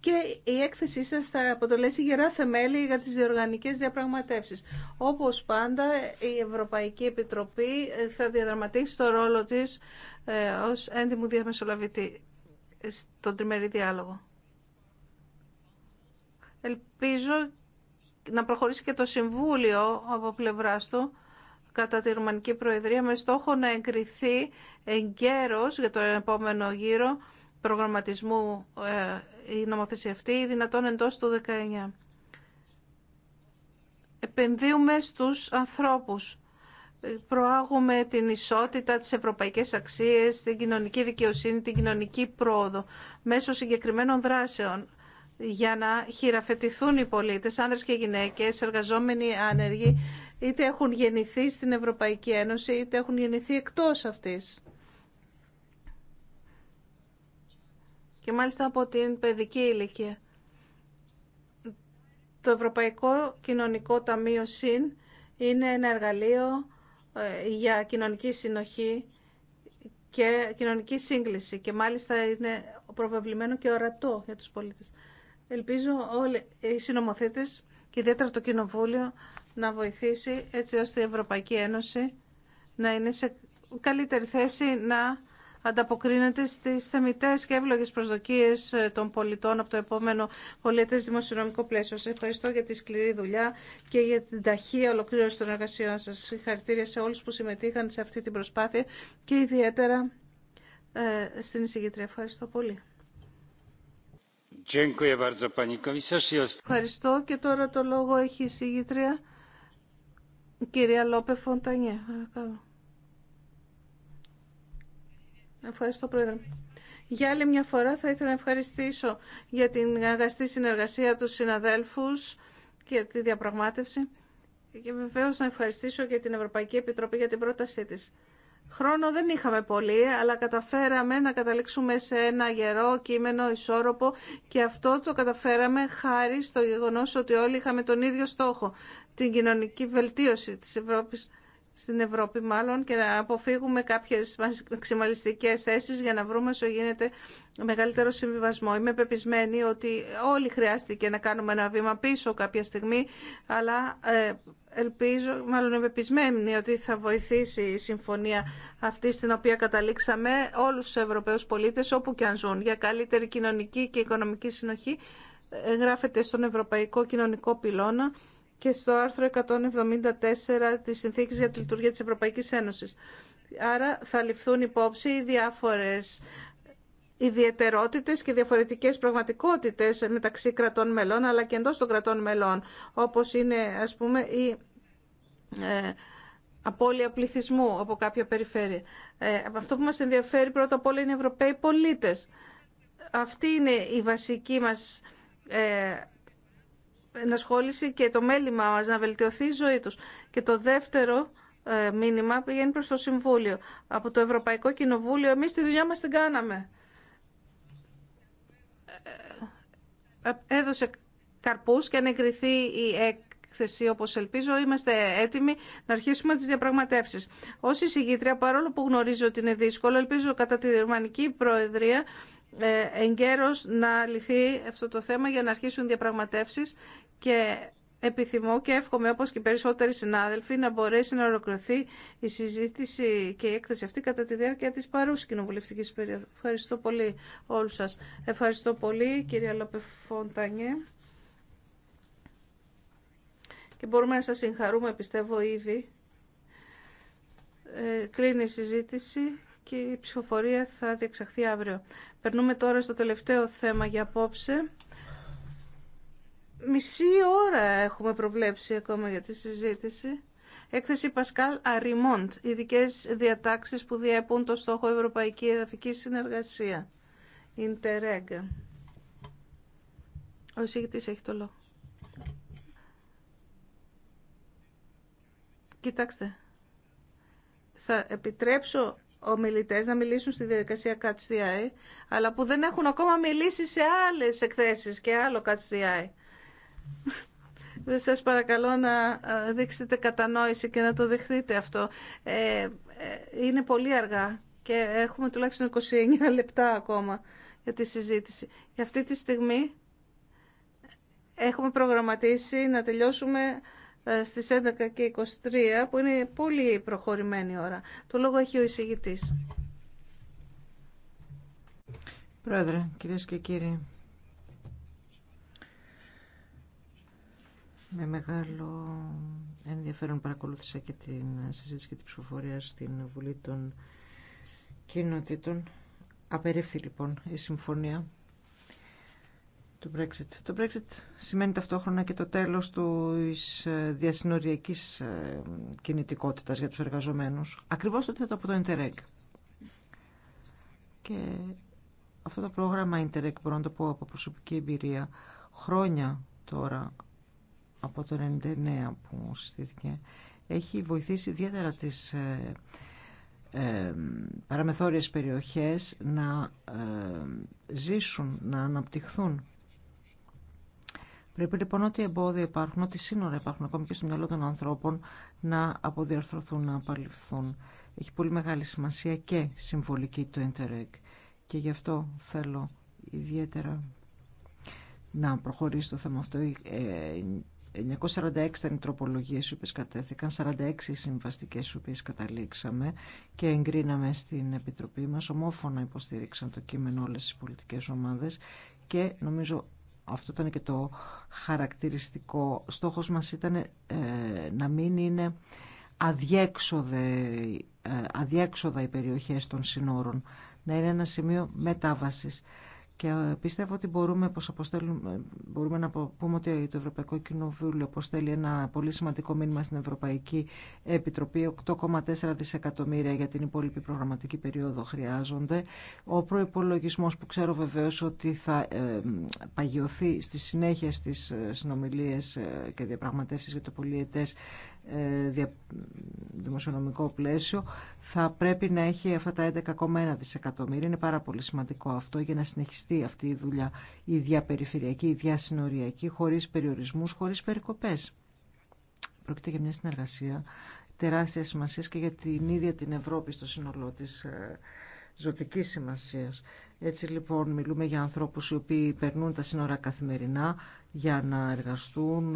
Και η έκθεσή σας θα αποτελέσει γερά θεμέλη για τις διοργανικές διαπραγματεύσεις. Όπως πάντα, η Ευρωπαϊκή Επιτροπή θα διαδραματίσει το ρόλο της ε, ως έντιμου διαμεσολαβητή στον τριμερή διάλογο. Ελπίζω να προχωρήσει και το Συμβούλιο από πλευράς του κατά τη Ρουμανική Προεδρία με στόχο να εγκριθεί εγκαίρος για τον επόμενο γύρο προγραμματισμού ε, η νομοθεσία αυτή, δυνατόν εντός του 19. Επενδύουμε στους ανθρώπους προάγουμε την ισότητα, τις ευρωπαϊκές αξίες, την κοινωνική δικαιοσύνη, την κοινωνική πρόοδο μέσω συγκεκριμένων δράσεων για να χειραφετηθούν οι πολίτες, άνδρες και γυναίκες, εργαζόμενοι άνεργοι, είτε έχουν γεννηθεί στην Ευρωπαϊκή Ένωση, είτε έχουν γεννηθεί εκτός αυτής. Και μάλιστα από την παιδική ηλικία. Το Ευρωπαϊκό Κοινωνικό Ταμείο ΣΥΝ είναι ένα εργαλείο ε, για κοινωνική συνοχή και κοινωνική σύγκληση και μάλιστα είναι προβεβλημένο και ορατό για τους πολίτες. Ελπίζω όλοι οι συνομοθέτες και ιδιαίτερα το Κοινοβούλιο να βοηθήσει έτσι ώστε η Ευρωπαϊκή Ένωση να είναι σε καλύτερη θέση να ανταποκρίνεται στις θεμητές και εύλογες προσδοκίες ε, των πολιτών από το επόμενο πολίτες δημοσιονομικό πλαίσιο. Σας ευχαριστώ για τη σκληρή δουλειά και για την ταχεία ολοκλήρωση των εργασιών σας. Συγχαρητήρια σε όλους που συμμετείχαν σε αυτή την προσπάθεια και ιδιαίτερα ε, στην εισηγήτρια. Ευχαριστώ πολύ. Ευχαριστώ και τώρα το λόγο έχει η εισηγήτρια κυρία Λόπε Φοντανιέ. Ευχαριστώ, Πρόεδρε. Για άλλη μια φορά θα ήθελα να ευχαριστήσω για την αγαστή συνεργασία του συναδέλφους και τη διαπραγμάτευση και βεβαίως να ευχαριστήσω και την Ευρωπαϊκή Επιτροπή για την πρότασή της. Χρόνο δεν είχαμε πολύ, αλλά καταφέραμε να καταλήξουμε σε ένα γερό κείμενο ισόρροπο και αυτό το καταφέραμε χάρη στο γεγονός ότι όλοι είχαμε τον ίδιο στόχο, την κοινωνική βελτίωση της Ευρώπης στην Ευρώπη μάλλον και να αποφύγουμε κάποιες μαξιμαλιστικές θέσεις για να βρούμε όσο γίνεται μεγαλύτερο συμβιβασμό. Είμαι πεπισμένη ότι όλοι χρειάστηκε να κάνουμε ένα βήμα πίσω κάποια στιγμή, αλλά ε, ελπίζω, μάλλον είμαι πεπισμένη ότι θα βοηθήσει η συμφωνία αυτή στην οποία καταλήξαμε όλους τους Ευρωπαίους πολίτες όπου και αν ζουν για καλύτερη κοινωνική και οικονομική συνοχή ε, γράφεται στον Ευρωπαϊκό Κοινωνικό Πυλώνα και στο άρθρο 174 της Συνθήκης για τη Λειτουργία της Ευρωπαϊκής Ένωσης. Άρα θα ληφθούν υπόψη οι διάφορες ιδιαιτερότητες και διαφορετικές πραγματικότητες μεταξύ κρατών μελών αλλά και εντός των κρατών μελών όπως είναι ας πούμε η ε, απώλεια πληθυσμού από κάποια περιφέρεια. Ε, αυτό που μας ενδιαφέρει πρώτα απ' όλα είναι οι Ευρωπαίοι πολίτες. Αυτή είναι η βασική μας ε, ενασχόληση και το μέλημά μας να βελτιωθεί η ζωή τους. Και το δεύτερο ε, μήνυμα πηγαίνει προς το Συμβούλιο. Από το Ευρωπαϊκό Κοινοβούλιο εμείς τη δουλειά μας την κάναμε. Ε, ε, έδωσε καρπούς και αν εγκριθεί η έκθεση όπως ελπίζω είμαστε έτοιμοι να αρχίσουμε τις διαπραγματεύσεις. Όσοι εισηγήτρια παρόλο που γνωρίζω ότι είναι δύσκολο ελπίζω κατά τη δερμανική Προεδρία εγκαίρως να λυθεί αυτό το θέμα για να αρχίσουν διαπραγματεύσεις και επιθυμώ και εύχομαι όπως και οι περισσότεροι συνάδελφοι να μπορέσει να ολοκληρωθεί η συζήτηση και η έκθεση αυτή κατά τη διάρκεια της παρούς κοινοβουλευτικής περίοδου. Ευχαριστώ πολύ όλους σας. Ευχαριστώ πολύ κυρία Λαπεφόντανιε. Και μπορούμε να σας συγχαρούμε πιστεύω ήδη. Ε, κλείνει η συζήτηση και η ψηφοφορία θα διεξαχθεί αύριο. Περνούμε τώρα στο τελευταίο θέμα για απόψε. Μισή ώρα έχουμε προβλέψει ακόμα για τη συζήτηση. Έκθεση Πασκάλ Αριμόντ. Ειδικέ διατάξει που διέπουν το στόχο Ευρωπαϊκή Εδαφική Συνεργασία. Ιντερέγκ. Ο εισηγητής έχει το λόγο. Κοιτάξτε. Θα επιτρέψω ομιλητές να μιλήσουν στη διαδικασία αλλά που δεν έχουν ακόμα μιλήσει σε άλλες εκθέσεις και άλλο δεν σας παρακαλώ να ε, δείξετε κατανόηση και να το δεχτείτε αυτό. Ε, ε, είναι πολύ αργά και έχουμε τουλάχιστον 29 λεπτά ακόμα για τη συζήτηση. Για αυτή τη στιγμή έχουμε προγραμματίσει να τελειώσουμε στις 11 και 23 που είναι πολύ προχωρημένη ώρα. Το λόγο έχει ο εισηγητής. Πρόεδρε, κυρίες και κύριοι, Με μεγάλο ενδιαφέρον παρακολούθησα και την συζήτηση και την ψηφοφορία στην Βουλή των Κοινοτήτων. Απερίφθη λοιπόν η συμφωνία του Brexit. Το Brexit σημαίνει ταυτόχρονα και το τέλος του διασυνοριακής ε, κινητικότητας για τους εργαζομένους. Ακριβώς το θέτω από το Interreg. Και αυτό το πρόγραμμα Interreg, μπορώ να το πω από προσωπική εμπειρία, χρόνια τώρα από το 99 που συστήθηκε έχει βοηθήσει ιδιαίτερα τις ε, ε, παραμεθόριες περιοχές να ε, ζήσουν, να αναπτυχθούν. Πρέπει λοιπόν ό,τι εμπόδια υπάρχουν, ό,τι σύνορα υπάρχουν ακόμη και στο μυαλό των ανθρώπων να αποδιαρθρωθούν, να απαλληφθούν. Έχει πολύ μεγάλη σημασία και συμβολική το Interreg και γι' αυτό θέλω ιδιαίτερα να προχωρήσει το θέμα αυτό ε, 946 ήταν οι τροπολογίε οι κατέθηκαν, 46 οι συμβαστικές οι οποίες καταλήξαμε και εγκρίναμε στην Επιτροπή μας. Ομόφωνα υποστήριξαν το κείμενο όλες οι πολιτικές ομάδες και νομίζω αυτό ήταν και το χαρακτηριστικό. Στόχος μας ήταν ε, να μην είναι ε, αδιέξοδα οι περιοχές των συνόρων, να είναι ένα σημείο μετάβασης. Και πιστεύω ότι μπορούμε, μπορούμε να πούμε ότι το Ευρωπαϊκό Κοινοβούλιο αποστέλει ένα πολύ σημαντικό μήνυμα στην Ευρωπαϊκή Επιτροπή. 8,4 δισεκατομμύρια για την υπόλοιπη προγραμματική περίοδο χρειάζονται. Ο προπολογισμό που ξέρω βεβαίω ότι θα ε, παγιωθεί στη συνέχεια στι ε, συνομιλίε ε, και διαπραγματεύσει για το πολιετέ ε, δημοσιονομικό πλαίσιο θα πρέπει να έχει αυτά τα 11,1 δισεκατομμύρια. Είναι πάρα πολύ σημαντικό αυτό για να συνεχιστεί αυτή η δουλειά, η διαπεριφερειακή, η διασυνοριακή, χωρίς περιορισμούς, χωρίς περικοπές. Πρόκειται για μια συνεργασία τεράστια σημασία και για την ίδια την Ευρώπη στο σύνολό της ε, ζωτική σημασία. Έτσι λοιπόν μιλούμε για ανθρώπους οι οποίοι περνούν τα σύνορα καθημερινά για να εργαστούν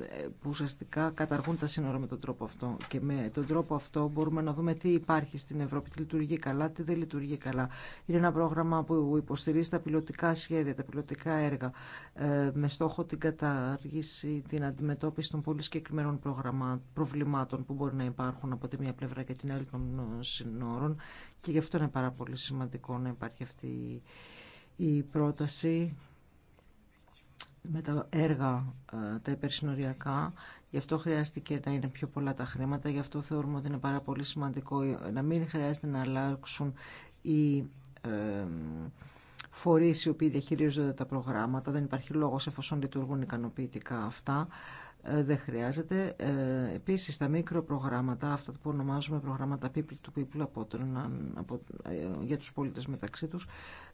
ε, που ουσιαστικά καταργούν τα σύνορα με τον τρόπο αυτό. Και με τον τρόπο αυτό μπορούμε να δούμε τι υπάρχει στην Ευρώπη, τι λειτουργεί καλά, τι δεν λειτουργεί καλά. Είναι ένα πρόγραμμα που υποστηρίζει τα πιλωτικά σχέδια, τα πιλωτικά έργα ε, με στόχο την καταργήση, την αντιμετώπιση των πολύ συγκεκριμένων προβλημάτων που μπορεί να υπάρχουν από τη μία πλευρά και την άλλη των ε, σύνορων και γι' αυτό είναι πάρα πολύ σημαντικό να υπάρχει αυτή η πρόταση με τα έργα ε, τα υπερσυνοριακά. Γι' αυτό χρειάστηκε να είναι πιο πολλά τα χρήματα. Γι' αυτό θεωρούμε ότι είναι πάρα πολύ σημαντικό ε, να μην χρειάζεται να αλλάξουν οι ε, φορείς οι οποίοι διαχειρίζονται τα προγράμματα. Δεν υπάρχει λόγος εφόσον λειτουργούν ικανοποιητικά αυτά. Ε, δεν χρειάζεται. Ε, επίσης τα μικροπρογράμματα, αυτά που ονομάζουμε προγράμματα people to people από για τους πολίτες μεταξύ τους,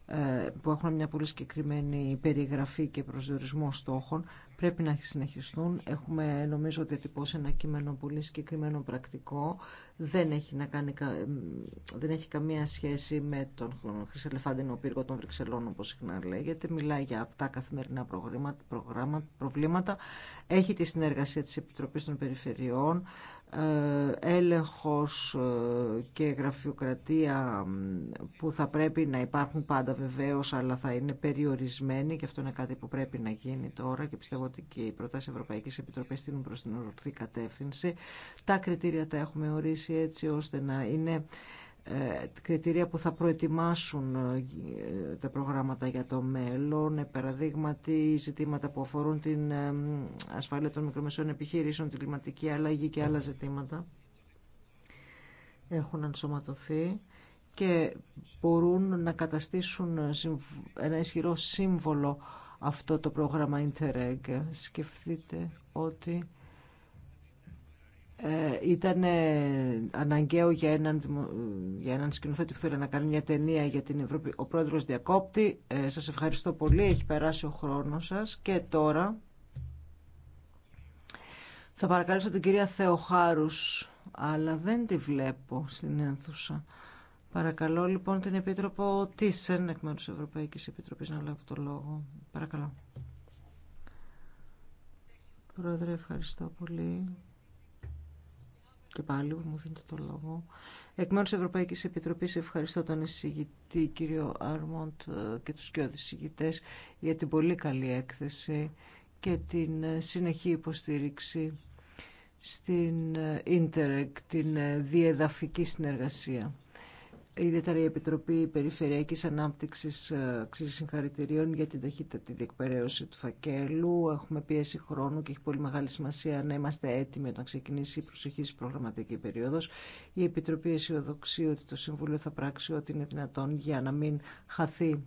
ε, που έχουν μια πολύ συγκεκριμένη περιγραφή και προσδιορισμό στόχων, πρέπει να συνεχιστούν. Έχουμε νομίζω ότι ετυπώσει ένα κείμενο πολύ συγκεκριμένο πρακτικό δεν έχει, να κάνει, δεν έχει καμία σχέση με τον χρυσελεφάντινο πύργο των Βρυξελών όπως συχνά λέγεται. Μιλάει για αυτά καθημερινά προβλήματα. Έχει τη συνεργασία της Επιτροπής των Περιφερειών ε, έλεγχος ε, και γραφειοκρατία που θα πρέπει να υπάρχουν πάντα βεβαίως αλλά θα είναι περιορισμένοι και αυτό είναι κάτι που πρέπει να γίνει τώρα και πιστεύω ότι και οι προτάσει Ευρωπαϊκής Επιτροπής στείλουν προς την ορθή κατεύθυνση. Τα κριτήρια τα έχουμε ορίσει έτσι ώστε να είναι ε, κριτήρια που θα προετοιμάσουν ε, τα προγράμματα για το μέλλον, ε, παραδείγματι ζητήματα που αφορούν την ασφάλεια των μικρομεσαίων επιχειρήσεων, τη κλιματική αλλαγή και άλλα ζητήματα έχουν ενσωματωθεί και μπορούν να καταστήσουν ένα ισχυρό σύμβολο αυτό το πρόγραμμα Interreg. Σκεφτείτε ότι ε, ήταν αναγκαίο για έναν, για έναν σκηνοθέτη που θέλει να κάνει μια ταινία για την Ευρώπη. Ο πρόεδρος διακόπτη, ε, σας ευχαριστώ πολύ, έχει περάσει ο χρόνος σας και τώρα θα παρακαλέσω την κυρία Θεοχάρους, αλλά δεν τη βλέπω στην ένθουσα. Παρακαλώ λοιπόν την Επίτροπο Τίσεν εκ μέρους της Ευρωπαϊκής Επιτροπής να λάβει το λόγο. Παρακαλώ. Πρόεδρε, ευχαριστώ πολύ και πάλι μου δίνετε το λόγο. Εκ μέρους Ευρωπαϊκής Επιτροπής ευχαριστώ τον εισηγητή κύριο Άρμοντ και του και εισηγητές για την πολύ καλή έκθεση και την συνεχή υποστήριξη στην Ίντερεκ, την διεδαφική συνεργασία. Ιδιαίτερα η Επιτροπή Περιφερειακής Ανάπτυξης ε, αξίζει συγχαρητηρίων για την ταχύτητα τη διεκπαιρέωση του φακέλου. Έχουμε πίεση χρόνου και έχει πολύ μεγάλη σημασία να είμαστε έτοιμοι όταν ξεκινήσει η προσεχής προγραμματική περιοδο. Η Επιτροπή αισιοδοξεί ότι το Συμβούλιο θα πράξει ό,τι είναι δυνατόν για να μην χαθεί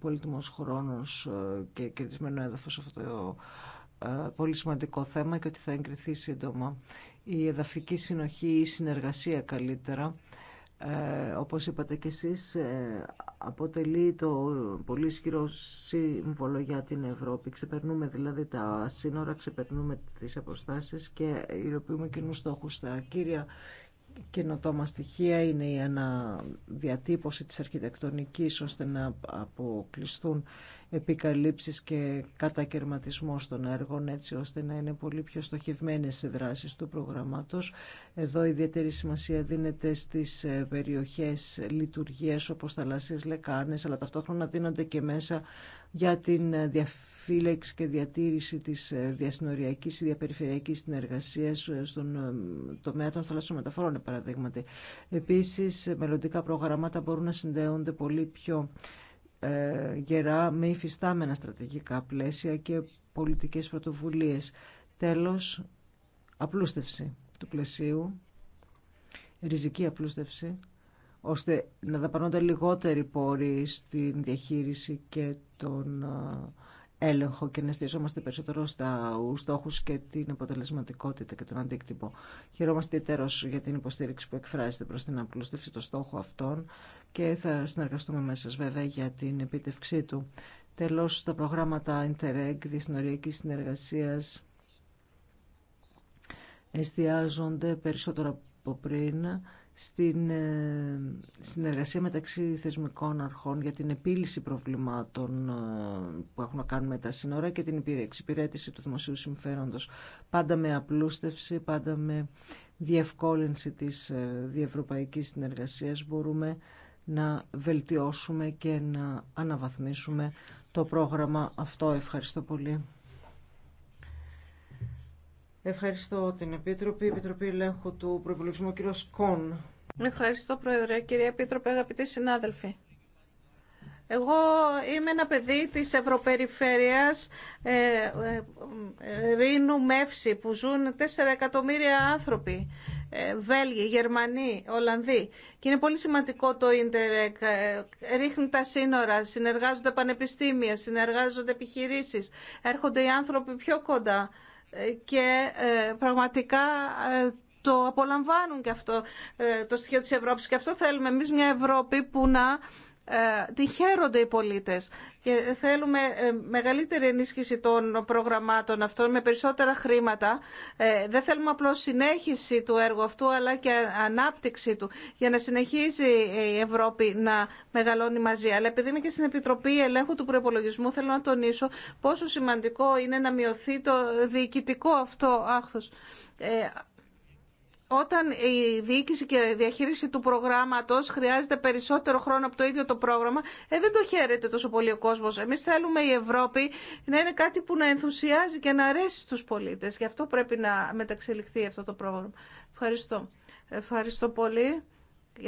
πολύτιμος χρόνο ε, και κερδισμένο έδαφος αυτό το ε, πολύ σημαντικό θέμα και ότι θα εγκριθεί σύντομα. Η εδαφική συνοχή ή συνεργασία καλύτερα ε, όπως είπατε και εσείς, ε, αποτελεί το πολύ ισχυρό σύμβολο για την Ευρώπη. Ξεπερνούμε δηλαδή τα σύνορα, ξεπερνούμε τις αποστάσεις και υλοποιούμε κοινούς στόχους. Τα κύρια καινοτόμα στοιχεία είναι η αναδιατύπωση της αρχιτεκτονικής ώστε να αποκλειστούν επικαλύψεις και κατακαιρματισμό των έργων έτσι ώστε να είναι πολύ πιο στοχευμένες οι δράσεις του προγραμμάτος. Εδώ ιδιαίτερη σημασία δίνεται στις ε, περιοχές λειτουργίες όπως θαλάσσιες λεκάνες αλλά ταυτόχρονα δίνονται και μέσα για την ε, διαφύλαξη και διατήρηση της ε, διασυνοριακής ή διαπεριφερειακής συνεργασίας στον τομέα των θαλάσσιων μεταφορών, παραδείγματι. Επίσης, μελλοντικά προγραμμάτα μπορούν να συνδέονται πολύ πιο ε, γερά με υφιστάμενα στρατηγικά πλαίσια και πολιτικές πρωτοβουλίες. Τέλος, απλούστευση του πλαισίου, ριζική απλούστευση, ώστε να δαπανώνται λιγότεροι πόροι στην διαχείριση και τον ε, έλεγχο και να στηριζόμαστε περισσότερο στα στόχους και την αποτελεσματικότητα και τον αντίκτυπο. Χαιρόμαστε ιδιαίτερως για την υποστήριξη που εκφράζεται προς την απλούστευση των στόχων αυτών και θα συνεργαστούμε μέσα σας βέβαια για την επίτευξή του. Τέλος, τα προγράμματα Interreg, διασυνοριακής συνεργασίας, εστιάζονται περισσότερο από πριν στην ε, συνεργασία μεταξύ θεσμικών αρχών για την επίλυση προβλημάτων ε, που έχουν να κάνουν με τα σύνορα και την εξυπηρέτηση του δημοσίου συμφέροντος. Πάντα με απλούστευση, πάντα με διευκόλυνση της ε, διευρωπαϊκής συνεργασίας μπορούμε να βελτιώσουμε και να αναβαθμίσουμε το πρόγραμμα αυτό. Ευχαριστώ πολύ. Ευχαριστώ την Επίτροπη, Επιτροπή Ελέγχου του Προπολογισμού, κύριο Κον. Ευχαριστώ, Πρόεδρε, κυρία Επίτροπη, αγαπητοί συνάδελφοι. Εγώ είμαι ένα παιδί της Ευρωπεριφέρειας ε, ε, ε Ρήνου Μεύση που ζουν 4 εκατομμύρια άνθρωποι ε, Βέλγοι, Γερμανοί, Ολλανδοί. Και είναι πολύ σημαντικό το Ιντερεκ. Ε, ρίχνουν τα σύνορα, συνεργάζονται πανεπιστήμια, συνεργάζονται επιχειρήσεις. Έρχονται οι άνθρωποι πιο κοντά ε, και πραγματικά το απολαμβάνουν και αυτό το στοιχείο της Ευρώπης. Και αυτό θέλουμε εμείς μια Ευρώπη που να ε, τη χαίρονται οι πολίτες και θέλουμε ε, μεγαλύτερη ενίσχυση των προγραμμάτων αυτών με περισσότερα χρήματα. Ε, δεν θέλουμε απλώς συνέχιση του έργου αυτού αλλά και ανάπτυξη του για να συνεχίζει η Ευρώπη να μεγαλώνει μαζί. Αλλά επειδή είμαι και στην Επιτροπή Ελέγχου του Προπολογισμού θέλω να τονίσω πόσο σημαντικό είναι να μειωθεί το διοικητικό αυτό άχθος όταν η διοίκηση και η διαχείριση του προγράμματο χρειάζεται περισσότερο χρόνο από το ίδιο το πρόγραμμα, ε, δεν το χαίρεται τόσο πολύ ο κόσμο. Εμεί θέλουμε η Ευρώπη να είναι κάτι που να ενθουσιάζει και να αρέσει στου πολίτε. Γι' αυτό πρέπει να μεταξελιχθεί αυτό το πρόγραμμα. Ευχαριστώ. Ευχαριστώ πολύ.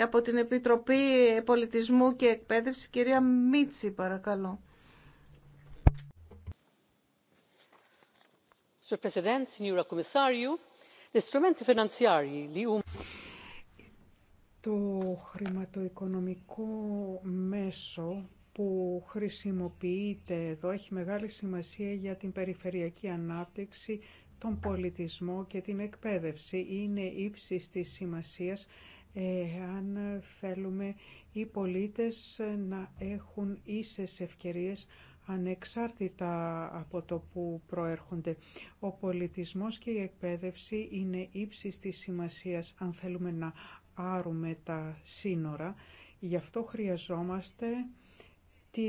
Από την Επιτροπή Πολιτισμού και Εκπαίδευση, κυρία Μίτση, παρακαλώ. President, l το χρηματοοικονομικό μέσο που χρησιμοποιείται εδώ έχει μεγάλη σημασία για την περιφερειακή ανάπτυξη, τον πολιτισμό και την εκπαίδευση. Είναι ύψης της σημασίας αν θέλουμε οι πολίτες να έχουν ίσες ευκαιρίες ανεξάρτητα από το που προέρχονται. Ο πολιτισμός και η εκπαίδευση είναι ύψης της σημασίας αν θέλουμε να άρουμε τα σύνορα. Γι' αυτό χρειαζόμαστε τη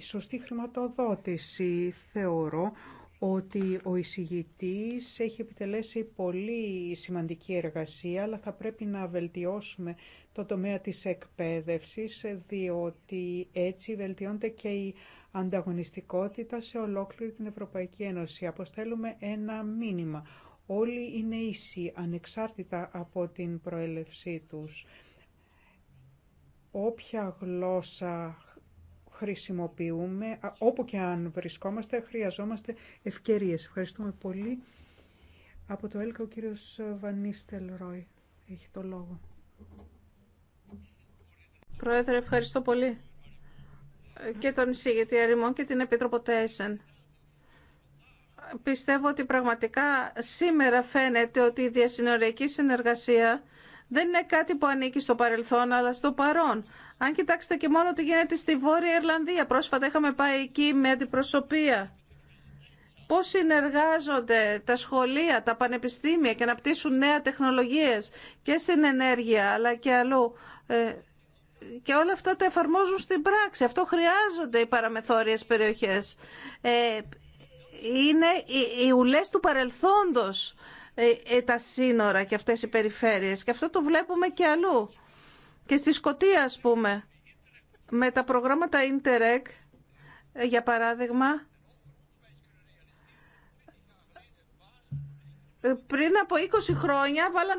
σωστή χρηματοδότηση. Θεωρώ ότι ο εισηγητής έχει επιτελέσει πολύ σημαντική εργασία, αλλά θα πρέπει να βελτιώσουμε το τομέα της εκπαίδευσης, διότι έτσι βελτιώνεται και η ανταγωνιστικότητα σε ολόκληρη την Ευρωπαϊκή Ένωση. Αποστέλουμε ένα μήνυμα. Όλοι είναι ίσοι, ανεξάρτητα από την προέλευσή τους. Όποια γλώσσα χρησιμοποιούμε, όπου και αν βρισκόμαστε, χρειαζόμαστε ευκαιρίες. Ευχαριστούμε πολύ. Από το ΕΛΚΑ ο κύριος Βανίστελ Ρόι έχει το λόγο. Πρόεδρε, ευχαριστώ πολύ και τον εισηγητή Ερημών και την Επίτροπο Τέσεν. Πιστεύω ότι πραγματικά σήμερα φαίνεται ότι η διασυνοριακή συνεργασία δεν είναι κάτι που ανήκει στο παρελθόν, αλλά στο παρόν. Αν κοιτάξετε και μόνο τι γίνεται στη Βόρεια Ιρλανδία. Πρόσφατα είχαμε πάει εκεί με αντιπροσωπεία. Πώς συνεργάζονται τα σχολεία, τα πανεπιστήμια και να πτήσουν νέα τεχνολογίες και στην ενέργεια αλλά και αλλού. Ε, και όλα αυτά τα εφαρμόζουν στην πράξη. Αυτό χρειάζονται οι παραμεθόριες περιοχές. Ε, είναι οι ουλές του παρελθόντος ε, ε, τα σύνορα και αυτές οι περιφέρειες. Και αυτό το βλέπουμε και αλλού. Και στη Σκωτία, ας πούμε, με τα προγράμματα Interreg, για παράδειγμα, πριν από 20 χρόνια βάλαν τα